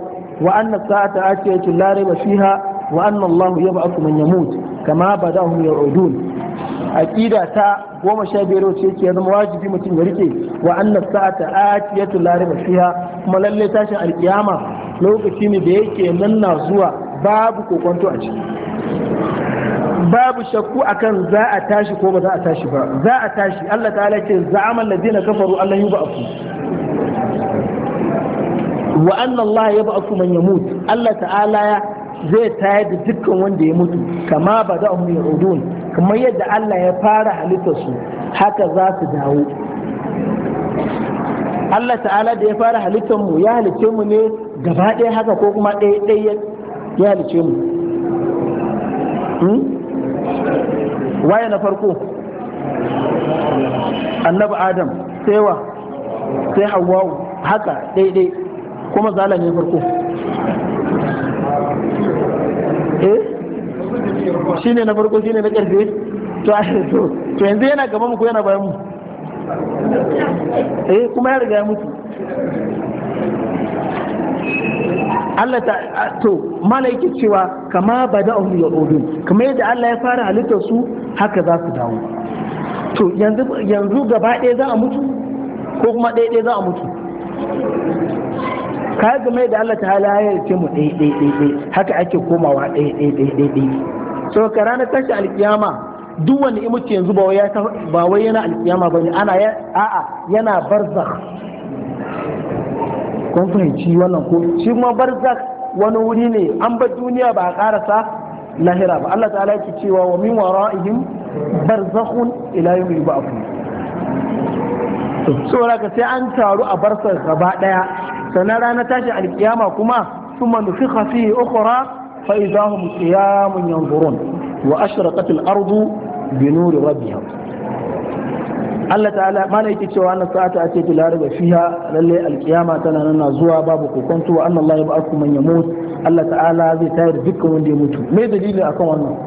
wa annas sa'ata atiyatu la rayba fiha wa anna Allah yab'athu man yamut kama badahum ya'udun aqida ta goma sha biyar wace yake zama wajibi mutum ya rike wa anna sa'ata atiyatu la riba fiha kuma lalle tashin alkiyama lokaci ne da yake nan na zuwa babu kokonto a ciki babu shakku akan za a tashi ko ba za a tashi ba za a tashi Allah ta'ala ce za'ama alladhina kafaru Allah yub'athu wa anna Allah yab'athu man yamut Allah ta'ala zai tayar da dukkan wanda ya mutu kama ba za a mu yaudun kamar yadda Allah ya fara halittar su haka za su dawo Allah ta'ala da ya fara halittar mu ya halicce mu ne gaba ɗaya haka ko kuma ɗaya ɗaya ya halicce mu hmm? waye na farko annabi adam sai wa sai hawa haka ɗaya ɗaya kuma zala ne farko ne na farko shi ne na ƙarfe? to to yanzu yana gaba muku yana bayan mu eh kuma ya riga ya mutu Allah ta to malaiki cewa kama ya ya'udun kamar yadda Allah ya fara halittar su haka za su dawo to yanzu yanzu gaba ɗaya za a mutu ko kuma ɗaya ɗaya za a mutu ka ga yadda da Allah ta'ala ya ce mu ɗaya ɗaya ɗaya haka ake komawa ɗaya ɗaya ɗaya ɗaya to ka ranar tashi alkiyama duk wani mutu yanzu ba wai yana alkiyama bane ana a'a yana barzakh kun fahimci wannan ko shi kuma barzakh wani wuri ne an bar duniya ba a karasa lahira ba Allah ta'ala yake cewa wa min wara'ihim barzakhun ila yawmi yub'athun saboda ka sai an taru a barzakh gaba daya sannan ranar tashi alkiyama kuma ثم نفخ فيه أخرى فإذا هم قيام ينظرون وأشرقت الأرض بنور ربها الله تعالى ما نأتي سوى أن الساعة أتي تلارب فيها للي القيامة تنانا نزوى بابك كنت وأن الله يبقى من يموت الله تعالى ذي تاير بك من يموت ماذا دليل أكون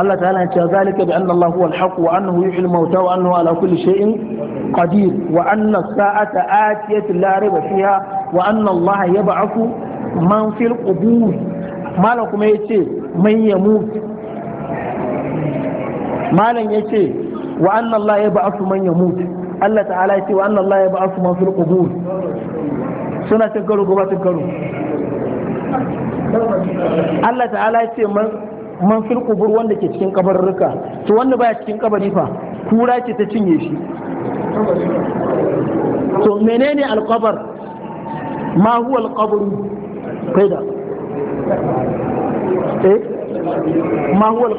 الله تعالى ذلك بأن الله هو الحق وأنه يحيي الموتى وأنه على كل شيء قدير وأن الساعة آتية لا ريب فيها وأن الله يبعث man fil qubur malam kuma yace man yamut malam yace wa anna Allah ya ba'athu man yamut Allah ta'ala yace wa anna Allah ya ba'athu man fil qubur suna cin karo gaba cin karo Allah ta'ala yace man man fil qubur wanda ke cikin kabarruka to wanda baya cikin kabari fa kura ce ta cinye shi to menene alqabar ma huwa alqabru kai da eh ma huwa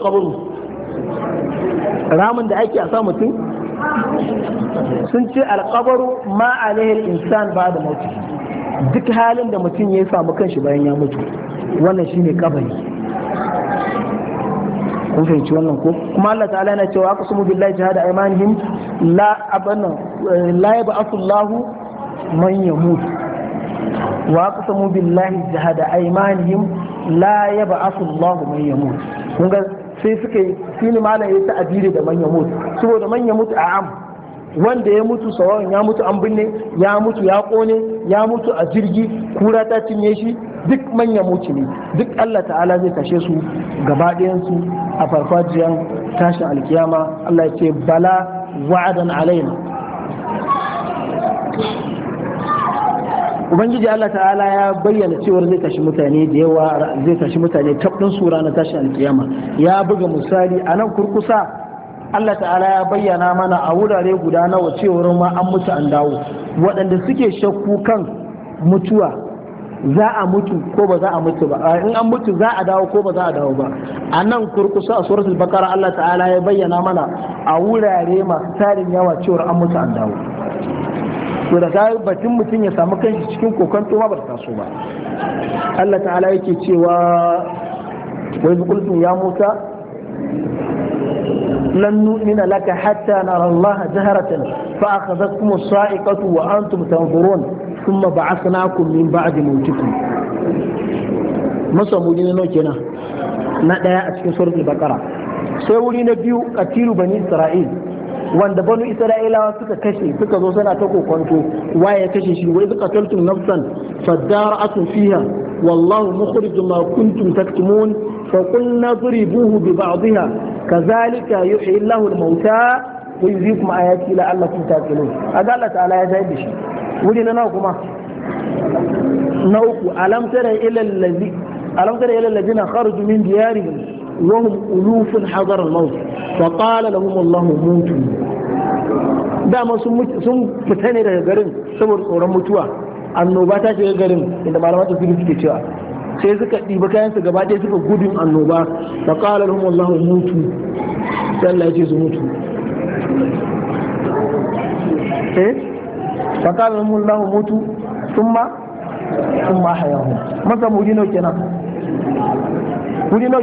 ramin da ake a sa mutum sun ce alqabaru ma alaihi insan ba da mutu duk halin da mutum ya samu kanshi bayan ya mutu wannan shine kabari kun fahimci wannan ko kuma Allah ta'ala yana cewa aka sumu billahi jihada aymanihim la abana la yab'athu Allahu man yamut jahada aymanihim la yab'athu Allahu man yamut kun ga sai suka yi shi ya ta adiri da manya yamut saboda manya yamut a am wanda ya mutu sawawan ya mutu an binne ya mutu ya kone ya mutu a jirgi kura ta cinye shi duk manya mutu ne duk Allah ta'ala zai tashe su gaba su a farfajiyan tashin alkiyama Allah ya ce bala wa'adan alaina ubangiji Allah ta'ala ya bayyana cewar zai tashi mutane da yawa zai tashi mutane tabdin sura na tashi alkiyama ya buga misali a nan kurkusa Allah ta'ala ya bayyana mana a wurare guda nawa cewar ma an mutu an dawo waɗanda suke shakku kan mutuwa za a mutu ko ba za a mutu ba in an mutu za a dawo ko ba za a dawo ba a nan kurkusa a suratul bakara Allah ta'ala ya bayyana mana a wurare masu tarin yawa cewar an mutu an dawo to da ga batun mutum ya samu kanshi cikin kokonto ba ta so ba Allah ta'ala yake cewa wai qultum ya Musa lan nu'mina laka hatta nara Allah jaharatan fa akhadhatkum as-sa'iqatu wa antum tanzurun thumma ba'athnakum min ba'di mawtikum masa mudi ne kenan na daya a cikin suratul baqara sai wuri na biyu katiru bani isra'il wanda banu isra'ilawa suka kashe suka zo suna ta kokonto waye kashe shi wai suka taltum nafsan fadara'atun fiha wallahu mukhrijum ma kuntum taktumun fa qulna duribuhu bi ba'dihha kadhalika yuhyi Allahu al-mauta wa yuriikum ayati la'allakum taqilun aga Allah ta'ala ya zai shi wuri na nawa kuma na uku alam tara ila allazi alam tara ila allazina kharaju min diyarihim وهم ألوف حضر الموت فقال لهم الله موتوا سم fita ne daga garin saboda tsoron mutuwa annoba ta sai suka ɗiba kayan su gaba suka gudun annoba lahum Allahu mutu Allah ya ce su mutu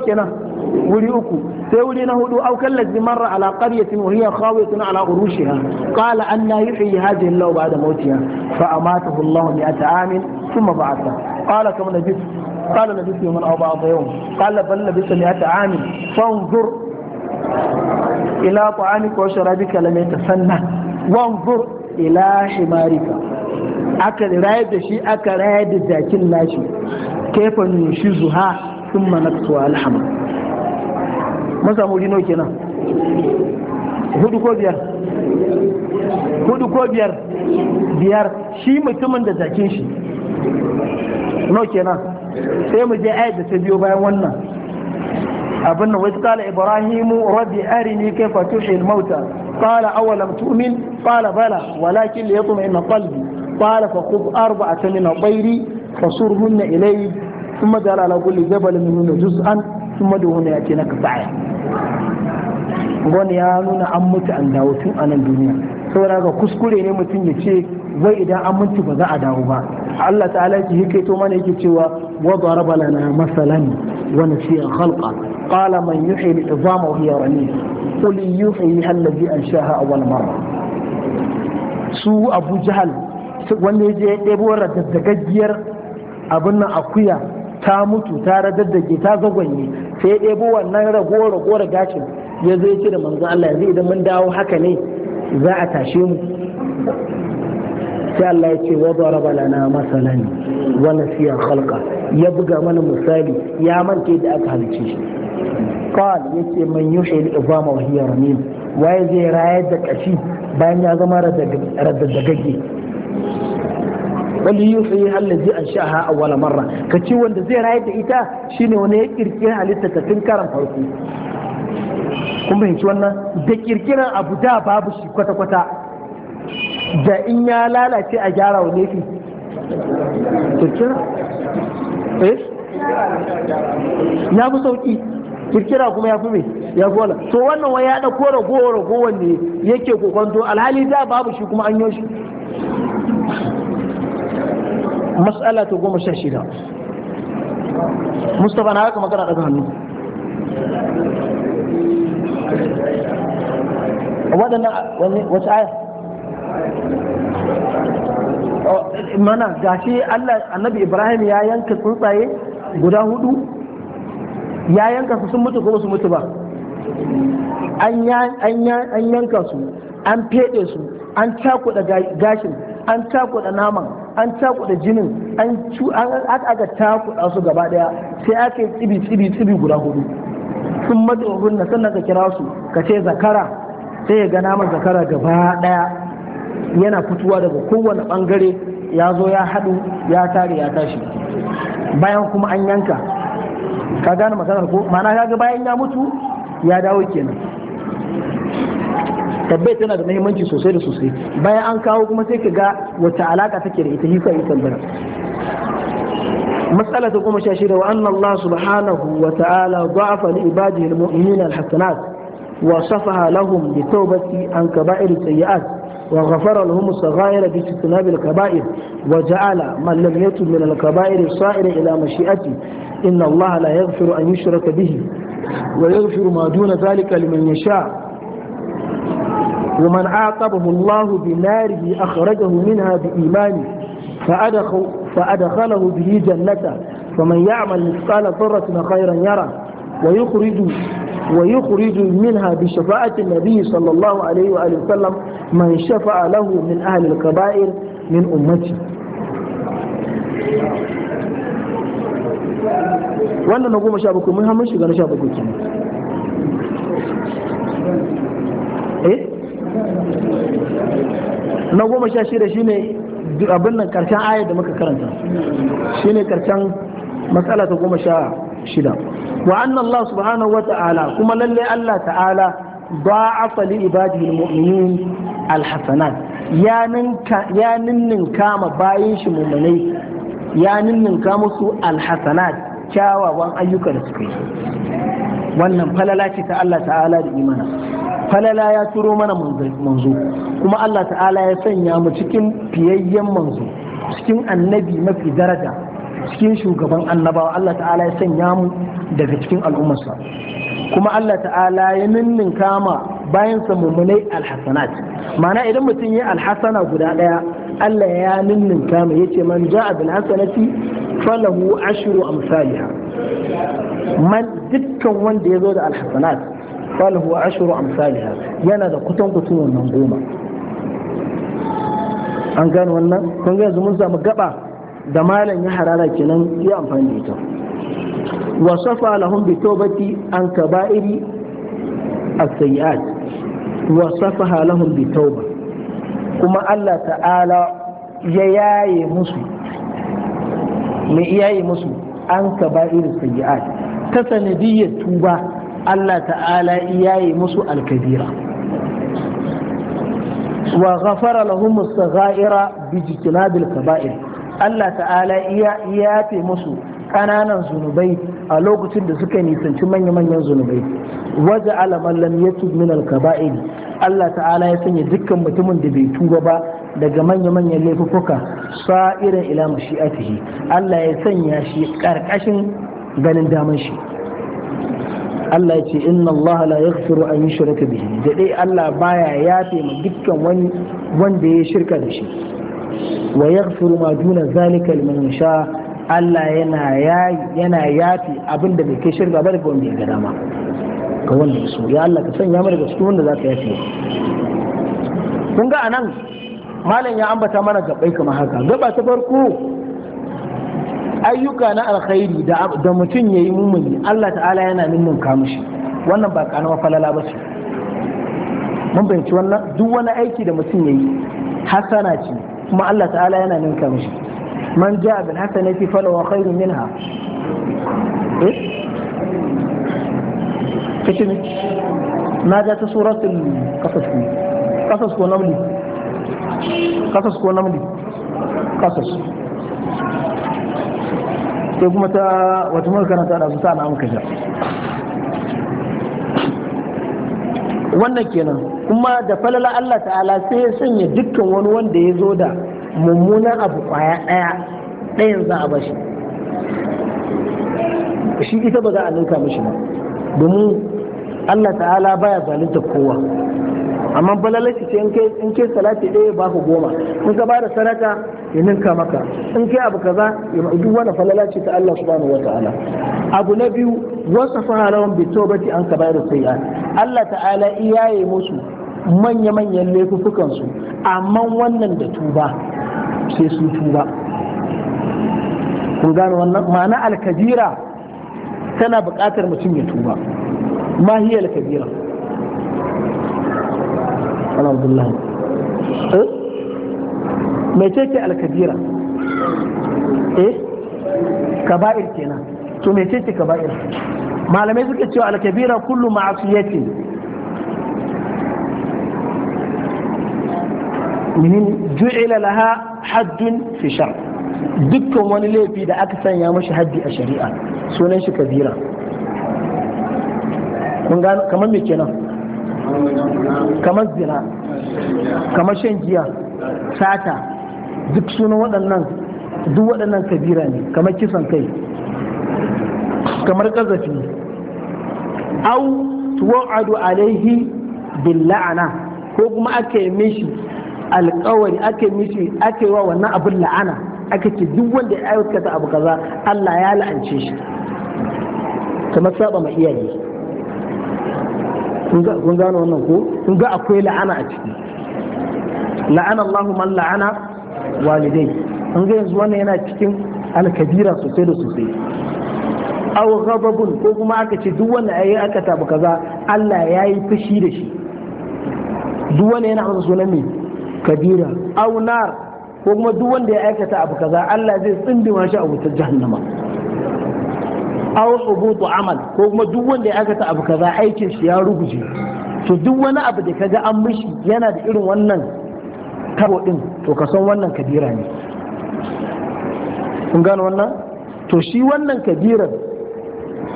eh وليؤكو سيولي نهدو أو كالذي مر على قرية وهي خاوية على عروشها قال أن يحيي هذه الله بعد موتها فأماته الله مئة عام ثم بعثه قال كما لبثت قال لبثت يوما أو بعض يوم قال بل لبثت مئة عام فانظر إلى طعامك وشرابك لم يتفنى وانظر إلى حمارك اكل رايد شيء اكل رايد raye الناشي كيف nashi ثم yushi zuha mun samu wuri nawa kenan hudu ko biyar hudu ko biyar biyar shi mutumin da jakin shi nawa kenan sai mu je ayat da ta biyo bayan wannan abin nan wasu kala ibrahimu rabbi arini kai tuhil mauta qala awalam tu'min qala bala walakin liyatma'inna qalbi qala faqub arba'atan ilai al da fasurhunna ilayhi ثم جعل nuna كل جبل منهن جزءا ثم دهن na سعيا wani ya nuna an mutu an dawo tun a nan duniya saboda ga kuskure ne mutum ya ce wai idan an mutu ba za a dawo ba Allah ta'ala ki to mana yake cewa wa daraba lana masalan wa nasiya khalqa qala man yuhyi al-izama wa hiya ramim qul yuhyi alladhi anshaha awwal marra su Abu Jahal wanda ya je ɗebo radaddagaggiyar abin nan akuya ta mutu ta da radaddage ta zagwanye sai ya ɗebo wannan rago rago gashin ya zo ya da manzon Allah yanzu idan mun dawo haka ne za a tashe mu sai Allah ya ce wa daraba lana masalan wa nasiya khalqa ya buga mana misali ya manta da aka halice shi qal yace man yuhil idama wa hiya ramim waye zai rayar da kashi bayan ya zama radaddagagge bal yuhyi a anshaha awwala marra ci wanda zai rayar da ita shine wani ya kirkira halitta ta tun karan farko kun fahimci wannan da kirkiran abu da babu shi kwata kwata da in ya lalace a gyara wa nefi kirkira eh ya fi sauki kirkira kuma ya fi mai ya fi wala to wannan wani ya ɗauko ragowa ragowa ne yake kokonto alhali da babu shi kuma an yi shi mas'ala ta goma sha shida mustapha na haka magana daga hannu waɗannan wata aya oh, mana gashi Allah annabi Ibrahim ya yanka tsuntsaye guda hudu ya yanka su sun mutu ko su mutu ba an yanka su an fede su an cakuɗa gashin an cakuɗa naman an cakuɗa jinin an aka cakuɗa su gaba ɗaya sai aka yi tsibi tsibi tsibi guda hudu sun maɗaurin na sannan ka kira su ka ce zakara sai ya ga naman zakara gaba ɗaya yana fitowa daga kowane ɓangare ya zo ya haɗu ya tare ya tashi bayan kuma an yanka ka gane maganar ko ma'ana kaga bayan ya mutu ya dawo kenan tabbai tana da muhimmanci sosai da sosai bayan an kawo kuma sai ka ga wata alaka take da ita hisa yi tambaya مسألة قوم شاشرة وأن الله سبحانه وتعالى ضعف لعباده المؤمنين الحسنات وصفها لهم بالتوبة عن كبائر السيئات وغفر لهم الصغائر باجتناب الكبائر وجعل من لم يتب من الكبائر الصائر إلى مشيئته إن الله لا يغفر أن يشرك به ويغفر ما دون ذلك لمن يشاء ومن عاقبه الله بناره أخرجه منها بإيمانه فأدخل فأدخله به جنته فمن يعمل مثقال ذرة خيرا يره ويخرج ويخرج منها بشفاعة النبي صلى الله عليه وآله وسلم من شفع له من أهل الكبائر من أمته وأنا نقوم شابكم منها مش mun شابكم shiga na goma sha shida ne abin nan karshen ayar da muka karanta shi ne karshen matsala ta goma sha shida wa anna Allah subhanahu wa ta'ala kuma lalle Allah ta'ala ba a ibadihi ibadi mu'minin ya ninka ya ninnin kama bayan shi mu'minai ya ninka musu alhassanat kyawawan ayyuka da suka yi wannan falala ce ta Allah ta'ala da imana falala ya turo mana manzo kuma Allah ta'ala ya sanya mu cikin fiyayyen manzo cikin annabi mafi daraja cikin shugaban annabawa Allah ta'ala ya sanya mu daga cikin al'ummarsa kuma Allah ta'ala ya ninnin kama bayan sa mummunai alhasanat ma'ana idan mutum ya alhasana guda daya Allah ya ninnin kama yace man ja'a bil hasanati falahu ashru amsalha man dukkan wanda ya zo da alhasanat qala huwa ashru amsalha yana da kutan kutun wannan goma an gano wannan kun ga yanzu mun samu gaba da malam ya harara kenan ya amfani da ita wa safa lahum bi tawbati an kaba'iri as-sayyi'at wa safaha lahum bi tawba kuma Allah ta'ala ya yaye musu mai iyaye musu an kaba'iri as-sayyi'at ta sanadiyyar tuba Allah ta'ala yi musu alkabira wa ghafara lahum as-saghaira bi jitinabil kaba'ir Allah ta'ala iya yafe musu kananan zunubai a lokacin da suka nisanci manya-manyan zunubai waje alaman lam yatub min al-kaba'ir Allah ta'ala ya sanya dukkan mutumin da bai tuba ba daga manya-manyan laifuka sa'irin ila mashi'atihi Allah ya sanya shi karkashin ganin daman shi Allah ya ce inna Allah la yaghfiru an yushraka bihi da dai Allah baya yafe ma dukkan wani wanda ya shirka da shi wa yaghfiru ma duna zalika liman yasha Allah yana yana yafi abin da bai kai shirka ba daga wanda ya gada dama ga wanda ya so ya Allah ka sanya mu daga cikin wanda za zaka yafe kun ga anan malam ya ambata mana gabai kamar haka gaba ta farko ayyuka na alkhairi da mutum ya yi mumuni Allah ta'ala yana nunnun kamushi wannan ba kanawa falala ba ce mun fahimci wannan duk wani aiki da mutum ya yi hasana ce kuma Allah ta'ala yana ninka mishi man ja bil hasanati falawa khairun minha eh kace ne na ja ta suratul qasas ne qasas ko namli qasas ko namli qasas sai kuma ta wata muka ta da su ta na'am wannan kenan kuma da falala Allah ta'ala sai ya sanya dukkan wani wanda ya zo da mummunan abu kwaya ɗaya ɗayan za a bashi shi ita ba za a nuka mishi ba domin Allah ta'ala baya zalunta kowa amma balalaci ce in kai salati ɗaya ba ku goma in ka bada sadaka ya ninka maka in kai abu kaza ya duk wani falalaci ta Allah subhanahu wataala abu na biyu wasu faharawan bi tobati an kabairu sayyi'at Allah ta'ala iyaye musu manya-manyan laifukan su amma wannan da tuba sai su tuba kun gano wannan ma'ana alkabira tana buƙatar mutum ya tuba ma hiya alkabira an abdullahi eh? alkabira eh kaba'ir kenan to mai ce ce kaba'ir malamai suka cewa alkabira kullum ma'asiyatin min ju'ila laha haddun fi dukkan wani laifi da aka sanya mashi haddi a shari'a sunan shi kabira kun gano kamar me kenan kamar zina kamar shan giya sata duk sunan waɗannan duk waɗannan kabira ne kamar kisan kai kamar ƙazafi au Ado alaihi la'ana ko kuma aka yi mishi alkawari yi mishi ake wa wannan abin la'ana aka ce duk wanda ya aikata abu kaza Allah ya la'ance shi kamar saba ma iyaye kun gano wannan ko kun ga akwai la'ana a ciki la'ana Allahu man la'ana walidai kun ga yanzu wannan yana cikin alkabira sosai da sosai aw ghadabun ko kuma aka ce duk wanda ayi aka tabu kaza Allah yayi fushi da shi duk wanda yana amsa sunan me kabira aw nar ko kuma duk wanda ya aikata abu kaza Allah zai tsindima shi a wutar jahannama aw subutu amal ko kuma duk wanda ya aikata abu kaza aikin shi ya ruguje to duk wani abu da kaga an mishi yana da irin wannan karo din to ka san wannan kabira ne kun gano wannan to shi wannan kabirar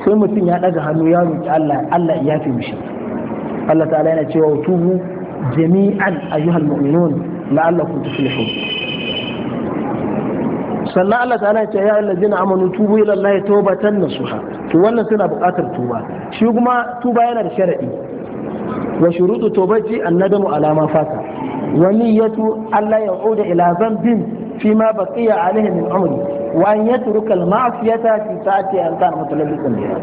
sai mutum ya daga hannu ya roki Allah Allah ya fi mishi Allah ta'ala yana cewa tubu jami'an ayyuhal mu'minun la'allakum tuflihun sannan Allah ta'ala ya ce ya allazina amanu tubu ila Allah tawbatan nasuha to wannan suna buƙatar tuba shi kuma tuba yana da sharadi wa shurutu tawbati annadamu ala ma fata wa niyyatu alla ya'uda ila dhanbin fima baqiya alayhi min umri wa an yatruka al-ma'siyata fi sa'ati an kana mutalabbisan biha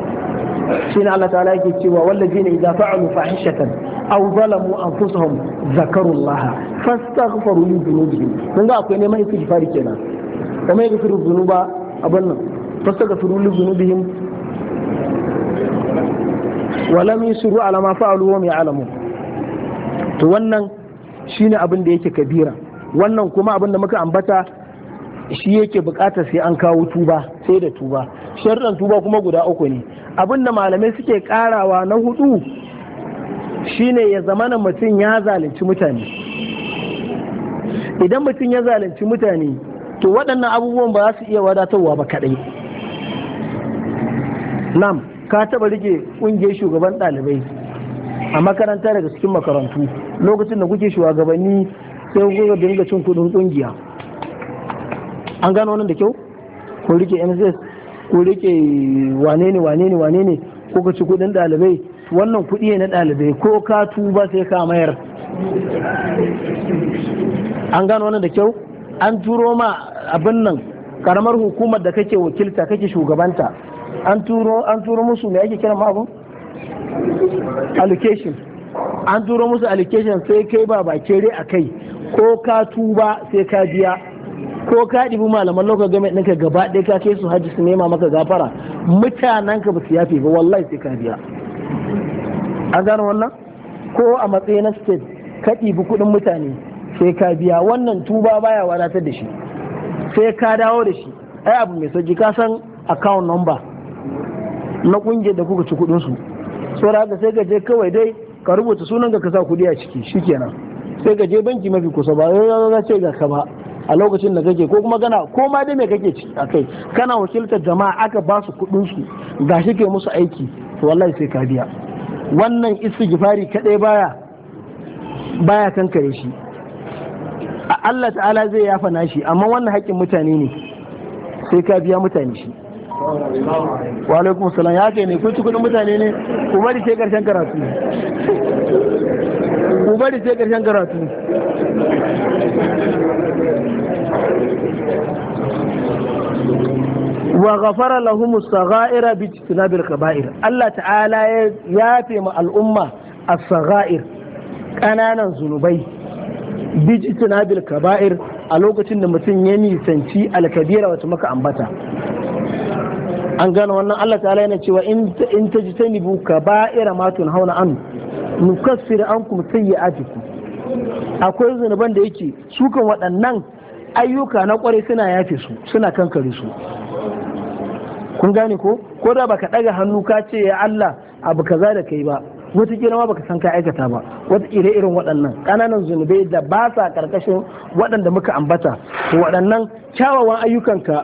shi ne Allah ta'ala yake cewa wallazina idza fa'alu fahishatan aw zalamu anfusahum zakarullaha fastaghfiru li dhunubihim kun ga akwai neman istighfari kenan kamar yadda firu zunuba abin nan fasta ga firu zunubihim walam yusru ala ma fa'alu mai alamu? to wannan shi ne abin da yake kabira wannan kuma abin da muka ambata shi yake bukatar sai an kawo tuba sai da tuba sharɗan tuba kuma guda uku ne abin da malamai suke karawa na hudu shi ne ya zamana mutum ya zalunci mutane idan mutum ya zalunci mutane to waɗannan abubuwan ba za su iya wadatarwa ba kaɗai nam ka taɓa rike ƙungiyar shugaban ɗalibai a makaranta daga cikin makarantu lokacin da kuke shugabanni sai kuka dinga cin kuɗin ƙungiya an gano nan da kyau ko rike mss ko rike wane ne wane ne wane ne ko ka ci kuɗin ɗalibai wannan kuɗi ne na ɗalibai ko ka tuba sai ka mayar an gano nan da kyau an turo ma abin nan karamar hukumar da kake wakilta kake shugabanta an turo an turo musu me ake kira abu allocation an turo musu allocation sai kai ba ba kere a kai ko ka tuba sai ka biya ko ka ɗibi malaman game din ka gaba ɗaya ka kai su hajji su nema maka gafara mutanen ka ba su yafe ba wallahi sai ka biya an gano wannan ko a matsayin na state ka ɗibi kuɗin mutane sai ka biya wannan tuba baya wadatar da shi sai ka dawo da shi ai abu mai sauki ka san account number na kungiyar da kuka ci kudin su saboda haka sai ka je kawai dai ka rubuta sunan ka sa kudi a ciki shikenan sai ka je banki mafi kusa ba ya za ce ga ka ba a lokacin da kake ko kuma gana ko ma dai me kake ciki kai? kana wakiltar jama'a aka ba su kudin su gashi ke musu aiki to wallahi sai ka biya wannan istighfari kadai baya baya kankare shi Allah ta'ala zai yafa nashi amma wannan haƙƙin mutane ne sai ka biya mutane shi wa alaikum salam ya kai ne kun ci kudin mutane ne ku bari sai karshen karatu ku bari sai karshen karatu wa ghafara lahum as-sagha'ira bi tinabil kaba'ir Allah ta'ala ya yafe ma al'umma as-sagha'ir kananan zunubai bijitinabil kaba'ir a lokacin da mutum ya nisanci alkabira wata maka ambata an gano wannan Allah ta'ala yana cewa in ta ji tanibu kaba'ira ma tun hauna an nukassir an kuma sayyi'atikum akwai zunuban da yake sukan waɗannan ayyuka na kwarai suna yafe su suna kankare su kun gane ko ko da baka ɗaga hannu ka ce ya Allah abu kaza da kai ba wata ma baka san ka aikata ba wata ire irin waɗannan ƙananan zunubai da ba sa ƙarƙashin waɗanda muka ambata waɗannan kyawawan ayyukanka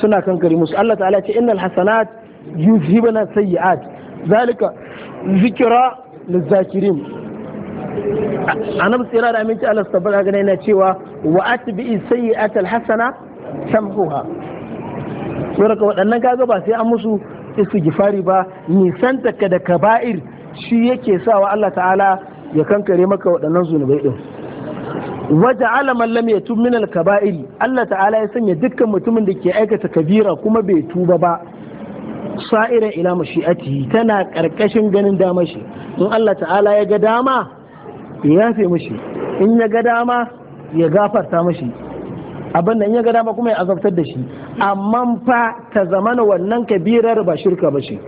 suna kan gari musu Allah ta'ala ce innal hasanat yuzhibuna sayyi'at zalika zikira lizakirin annabi tsira da aminci Allah tabbata ga yana cewa wa atbi sayyi'at alhasana tamhuha saboda waɗannan kaga ba sai an musu istighfari ba nisanta ka da kaba'ir shi yake sawa Allah ta'ala ya kankare maka waɗannan zunubai ɗin waje alaman lam ya tun minal kaba'iri Allah ta'ala ya sanya dukkan mutumin da ke aikata kabira kuma bai tuba ba sa'iran ila mashi'ati tana ƙarƙashin ganin dama shi in Allah ta'ala ya ga dama ya yafe mashi, in ya ga dama ya gafarta mashi abin nan ya ga dama kuma ya azabtar da shi amma fa ta zamana wannan kabirar ba shirka ba shi.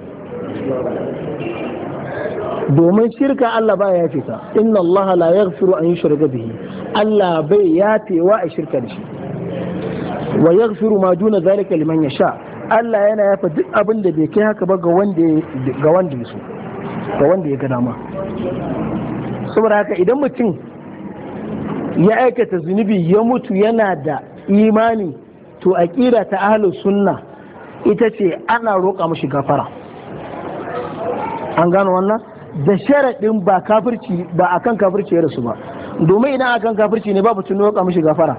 domin shirka Allah ba ya fita, ta inna Allah la yaghfiru an yushraka bihi Allah bai yafe wa a shirka da shi wa yaghfiru ma duna zalika liman yasha Allah yana yafa duk abin da bai kai haka ba ga wanda ya so ga wanda ya ga dama saboda haka idan mutum ya aikata zunubi ya mutu yana da imani to aqida ta ahlus sunna ita ce ana roƙa mashi gafara an gano wannan da sharaɗin ba kafirci ba akan kafirci ya rasu ba domin idan akan kafirci ne babu tuno ka mishi gafara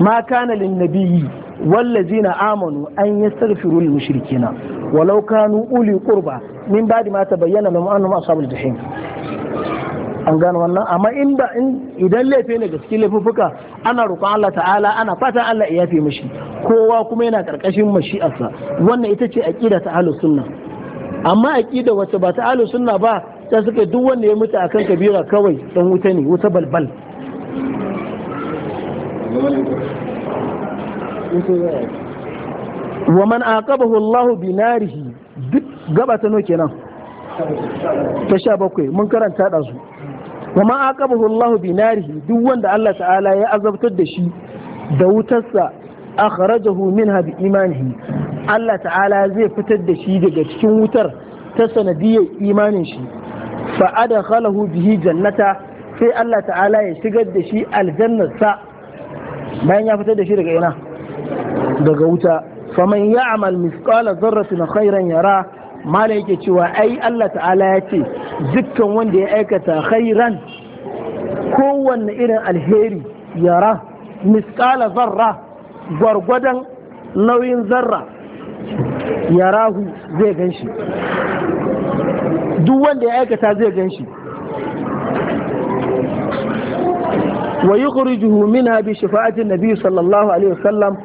ma kana lin nabiyyi wallazina amanu an yastaghfiru lil mushrikina walau kanu uli qurba min ba'di ma tabayyana lahum annahum ashabul jahim an gano wannan amma in ba idan laifi ne ga cikin laifuffuka ana roƙon Allah ta'ala ana fata Allah ya yafe mishi kowa kuma yana karkashin mashi'arsa wannan ita ce ƙida ta ahlus sunna amma da wacce ba ta alu sunna ba ta suka duk wanda ya mutu akan kabira kawai dan wuta ne wuta balbal wa man aqabahu Allahu bi narihi duk gaba ta no kenan ta sha bakwai mun karanta da su wa man aqabahu Allahu bi narihi duk wanda Allah ta'ala ya azabtar da shi da wutarsa akhrajahu minha bi imanihi Allah ta'ala zai fitar da shi daga cikin wutar ta sanadiyar imanin shi fa'ada khalahu bihi jannata sai Allah ta'ala ya shigar da shi aljannarsa bayan ya fitar da shi daga ina daga wuta faman ya amal misqala dharratin khairan yara mala yake cewa ai Allah ta'ala ya ce dukkan wanda ya aikata khairan kowanne irin alheri yara misqala zarra gwargwadon nauyin zarra ya rahu zai gan shi duk wanda ya aikata zai gan shi wa yukhrijuhu min bi shafa'atin nabi sallallahu alaihi wasallam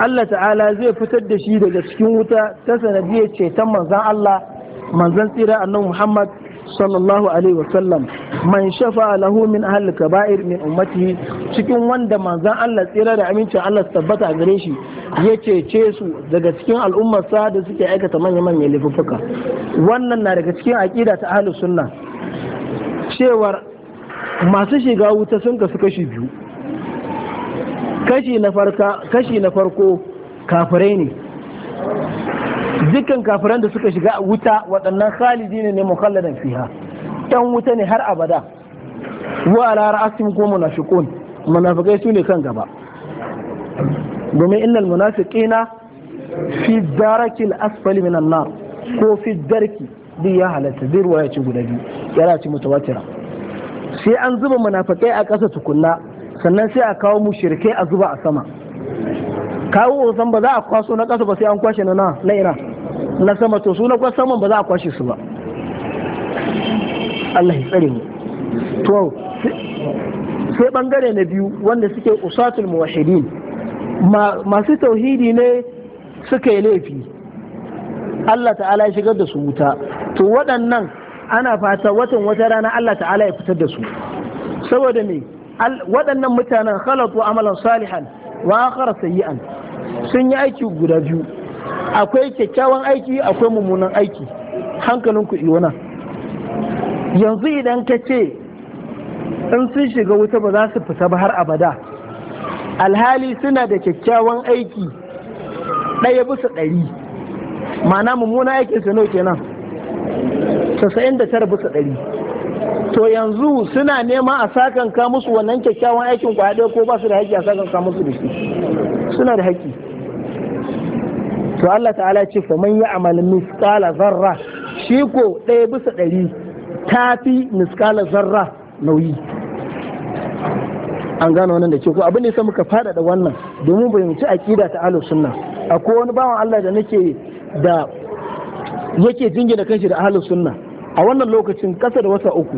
Allah ta'ala zai fitar da shi daga cikin wuta ta sanadiyar ceton manzan Allah manzan tsira annabi Muhammad صلى الله عليه وسلم من شفع له من أهل الكبائر من أمته cikin wanda manzan Allah tsira da amincin Allah tabbata a gare shi ya cece su daga cikin al'ummarsa da suke aikata manya manyan laifuffuka wannan na daga cikin aƙida ta ahlus sunna cewar masu shiga wuta sun kasu kashi biyu kashi na farko kafirai ne dukkan kafiran da suka shiga a wuta waɗannan khalidi ne ne mukhalladan fiha ɗan wuta ne har abada wa ala ra'asim ko munafiqun munafikai su ne kan gaba domin innal munafiqina fi darakil asfali minan nar ko fi darki duk ya halatta zai ya ci guda biyu ya ci mutawatira sai an zuba munafikai a ƙasa tukunna sannan sai a kawo mushrikai a zuba a sama kawo san ba za a kwaso na ƙasa ba sai an kwashe na na ina na sama to su na kwas saman ba za a kwashe su ba Allah ya tsare mu to sai bangare na biyu wanda suke usatul muwahhidin masu tauhidi ne suka yi laifi Allah ta'ala ya shigar da su wuta to waɗannan ana fata watan wata rana Allah ta'ala ya fitar da su saboda me waɗannan mutanen khalatu amalan salihan wa akhara sayyi'an sun yi aiki guda biyu akwai kyakkyawan aiki akwai mummunan aiki hankalin ku iwana yanzu idan ka ce in sun shiga wuta ba za su fita ba har abada alhali suna da kyakkyawan aiki ɗaya bisa ɗari ma'ana mummunan aikinsu nau nawa kenan 99 bisa ɗari to yanzu suna nema a sakan ka musu wannan kyakkyawan aikin kwaya ko ba su da haƙƙi a sakan ka musu da shi suna da haƙƙi to Allah ta'ala ce fa man ya'mal misqala zarra shi ko ɗaya bisa ɗari tafi misqala zarra nauyi an gano wannan da ke ko abin da yasa muka faɗaɗa wannan domin fahimci aƙida ta ahlus sunna akwai wani bawan Allah da nake da yake jingina kanshi da ahlus sunna a wannan lokacin kasa da wata uku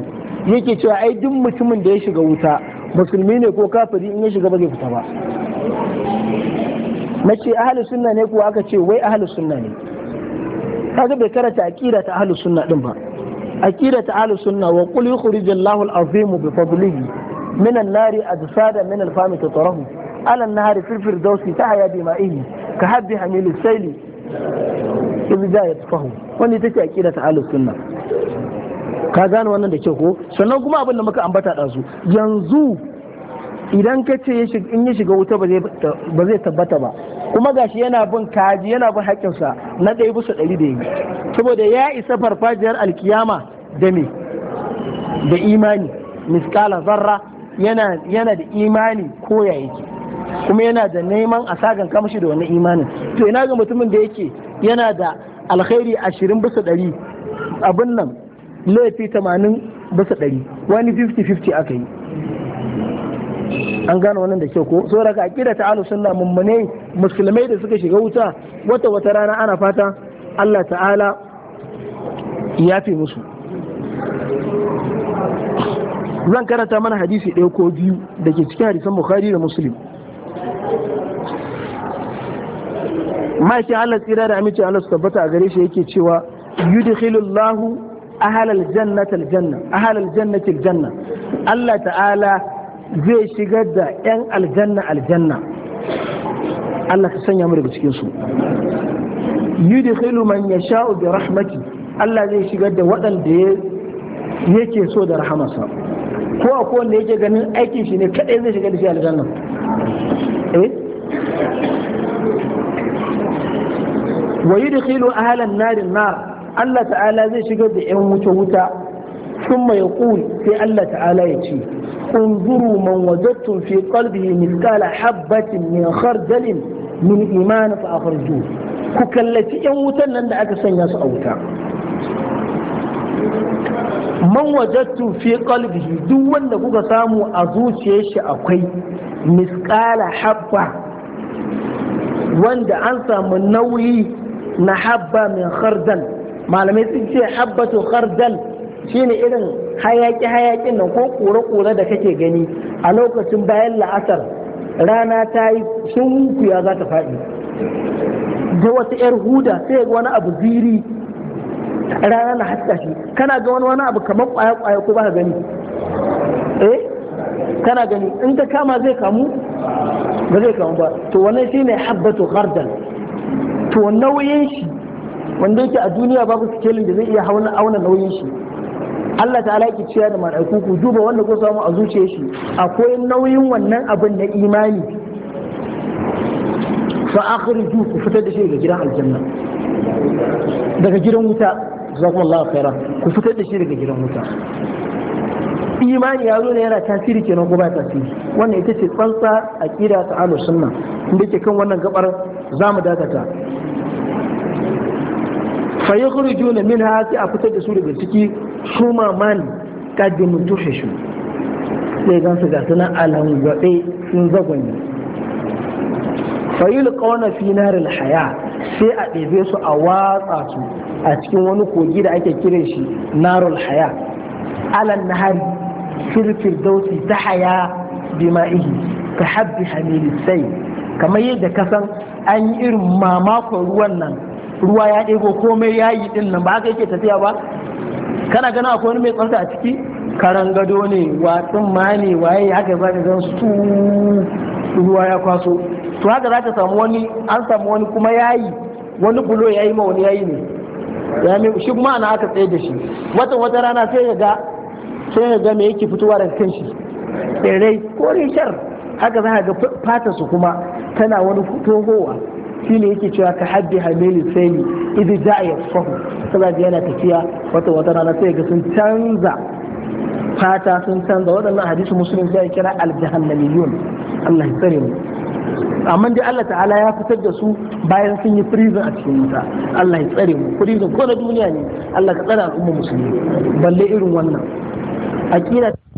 yake cewa ai duk mutumin da ya shiga wuta musulmi ne ko kafiri in ya shiga ba zai fita ba mace ahalus sunna ne ko aka ce wai ahalus sunna ne kaga bai karanta aqida ta ahalus sunna din ba aqida ta ahalus sunna wa qul yukhrijallahu al-azim bi fadlihi min an-nari adsada min al famit tarahu ala an-nahari fil firdausi tahya bi ma'ihi ka habbi hamil as-sayli ilja ya tafahu wanda take aqida ta ahlus sunna ka gane wannan da kyau ko sannan kuma abin da muka ambata da su yanzu idan ka ce in ya shiga wuta ba zai tabbata ba kuma gashi yana bin kaji yana bin haƙƙinsa na ɗaya bisa ɗari da yi saboda ya isa farfajiyar alkiyama da me da imani miskala zarra yana da imani ko ya kuma yana da neman a sagan kamshi da wani imanin to ina ga mutumin da yake yana da alkhairi ashirin bisa ɗari abin nan laifi tamanin bisa ɗari wani 50-50 aka yi an gano wannan da kyau ko so ka kira ta alu sunna mummune musulmai da suka shiga wuta wata wata rana ana fata Allah ta'ala ya fi musu zan karanta mana hadisi ɗaya ko biyu da ke cikin hadisan bukhari da muslim Mashi Allah tsira da amincin Allah su tabbata a gare shi yake cewa yudkhilullahu ahlal jannati aljanna ahlal jannati aljanna Allah ta'ala zai shigar da ƴan aljanna aljanna Allah ka sanya mu daga cikin su yudkhilu man yasha'u bi rahmati Allah zai shigar da waɗanda yake so da rahamarsa ko a kowanne yake ganin aikin shi ne kadai zai shigar da shi aljanna eh wa yi dukilu ahalan narin Allah ta'ala zai shigar da yan wuce wuta sun mai kul sai Allah ta'ala ya ce unzuru man wajattum fi qalbihi mithqala habatin min khardalin min iman fa akhrijuh ku kallaci yan wutan nan da aka sanya su a wuta man wajattum fi qalbihi duk wanda kuka samu a zuciyar shi akwai mithqala habba wanda an samu nauyi na habba min khardal malamai sun ce habbatu khardal shine irin hayaki hayakin nan ko kore-kore da kake gani a lokacin bayan la'asar rana ta yi sun shunkuya za ta faɗi ga wata 'yar huda sai ga wani abu ziri rana na haska shi kana ga wani wani abu kamar kwaya-kwaya ko ba gani eh kana gani in ka kama zai kamu ba zai kamu ba to wannan shine habbatu khardal to nauyin shi wanda yake a duniya babu sikelin da zai iya auna nauyin shi Allah ta'ala yake ciya da mala'iku ku duba wanda ko samu a zuciyar shi akwai nauyin wannan abin na imani fa akhriju ku fitar da shi daga gidan aljanna daga gidan wuta jazakumullahu khaira ku fitar da shi daga gidan wuta imani ya zo ne yana tasiri kenan ko ba tasiri wannan ita ce tsantsa aqida ta ahlus sunna inda ke kan wannan gabar zamu dakata fa min minha sai a fitar da su daga ciki shumaman qad mutuhishu sai gan su ga sunan alhamdulillah sun zagonye fa yulqawna fi naril haya sai a ɗebe su a watsa su a cikin wani kogi da ake kiran shi narul haya alan nahar firfir dausi ta haya bima'ihi ka habbi hamili kamar yadda kasan an yi irin mamakon ruwan nan ruwa ya ɗebo komai ya yi ɗin nan ba haka yake tafiya ba kana gana akwai wani mai tsafta a ciki karan gado ne watsin ma ne waye haka za ka gan su ruwa ya kwaso to haka za ka samu wani an samu wani kuma ya yi? wani bulo ya yi ma wani yi ne ya mai shi kuma ana aka tsaye da shi wata wata rana sai ya ga sai ya ga me yake fitowa daga kan shi tsirrai ko rishar haka za ka ga fatar su kuma tana wani tohowa shine ne yake cewa ka haddi hamilin sani idan za a yasfahu saboda yana tafiya wata wata rana sai ga sun canza fata sun canza waɗannan hadisi musulun sai kira aljahannamiyun Allah ya tsare mu amma dai Allah ta'ala ya fitar da su bayan sun yi prison a cikin wuta Allah ya tsare mu prison ko na duniya ne Allah ka tsare al'ummar musulmi balle irin wannan aqida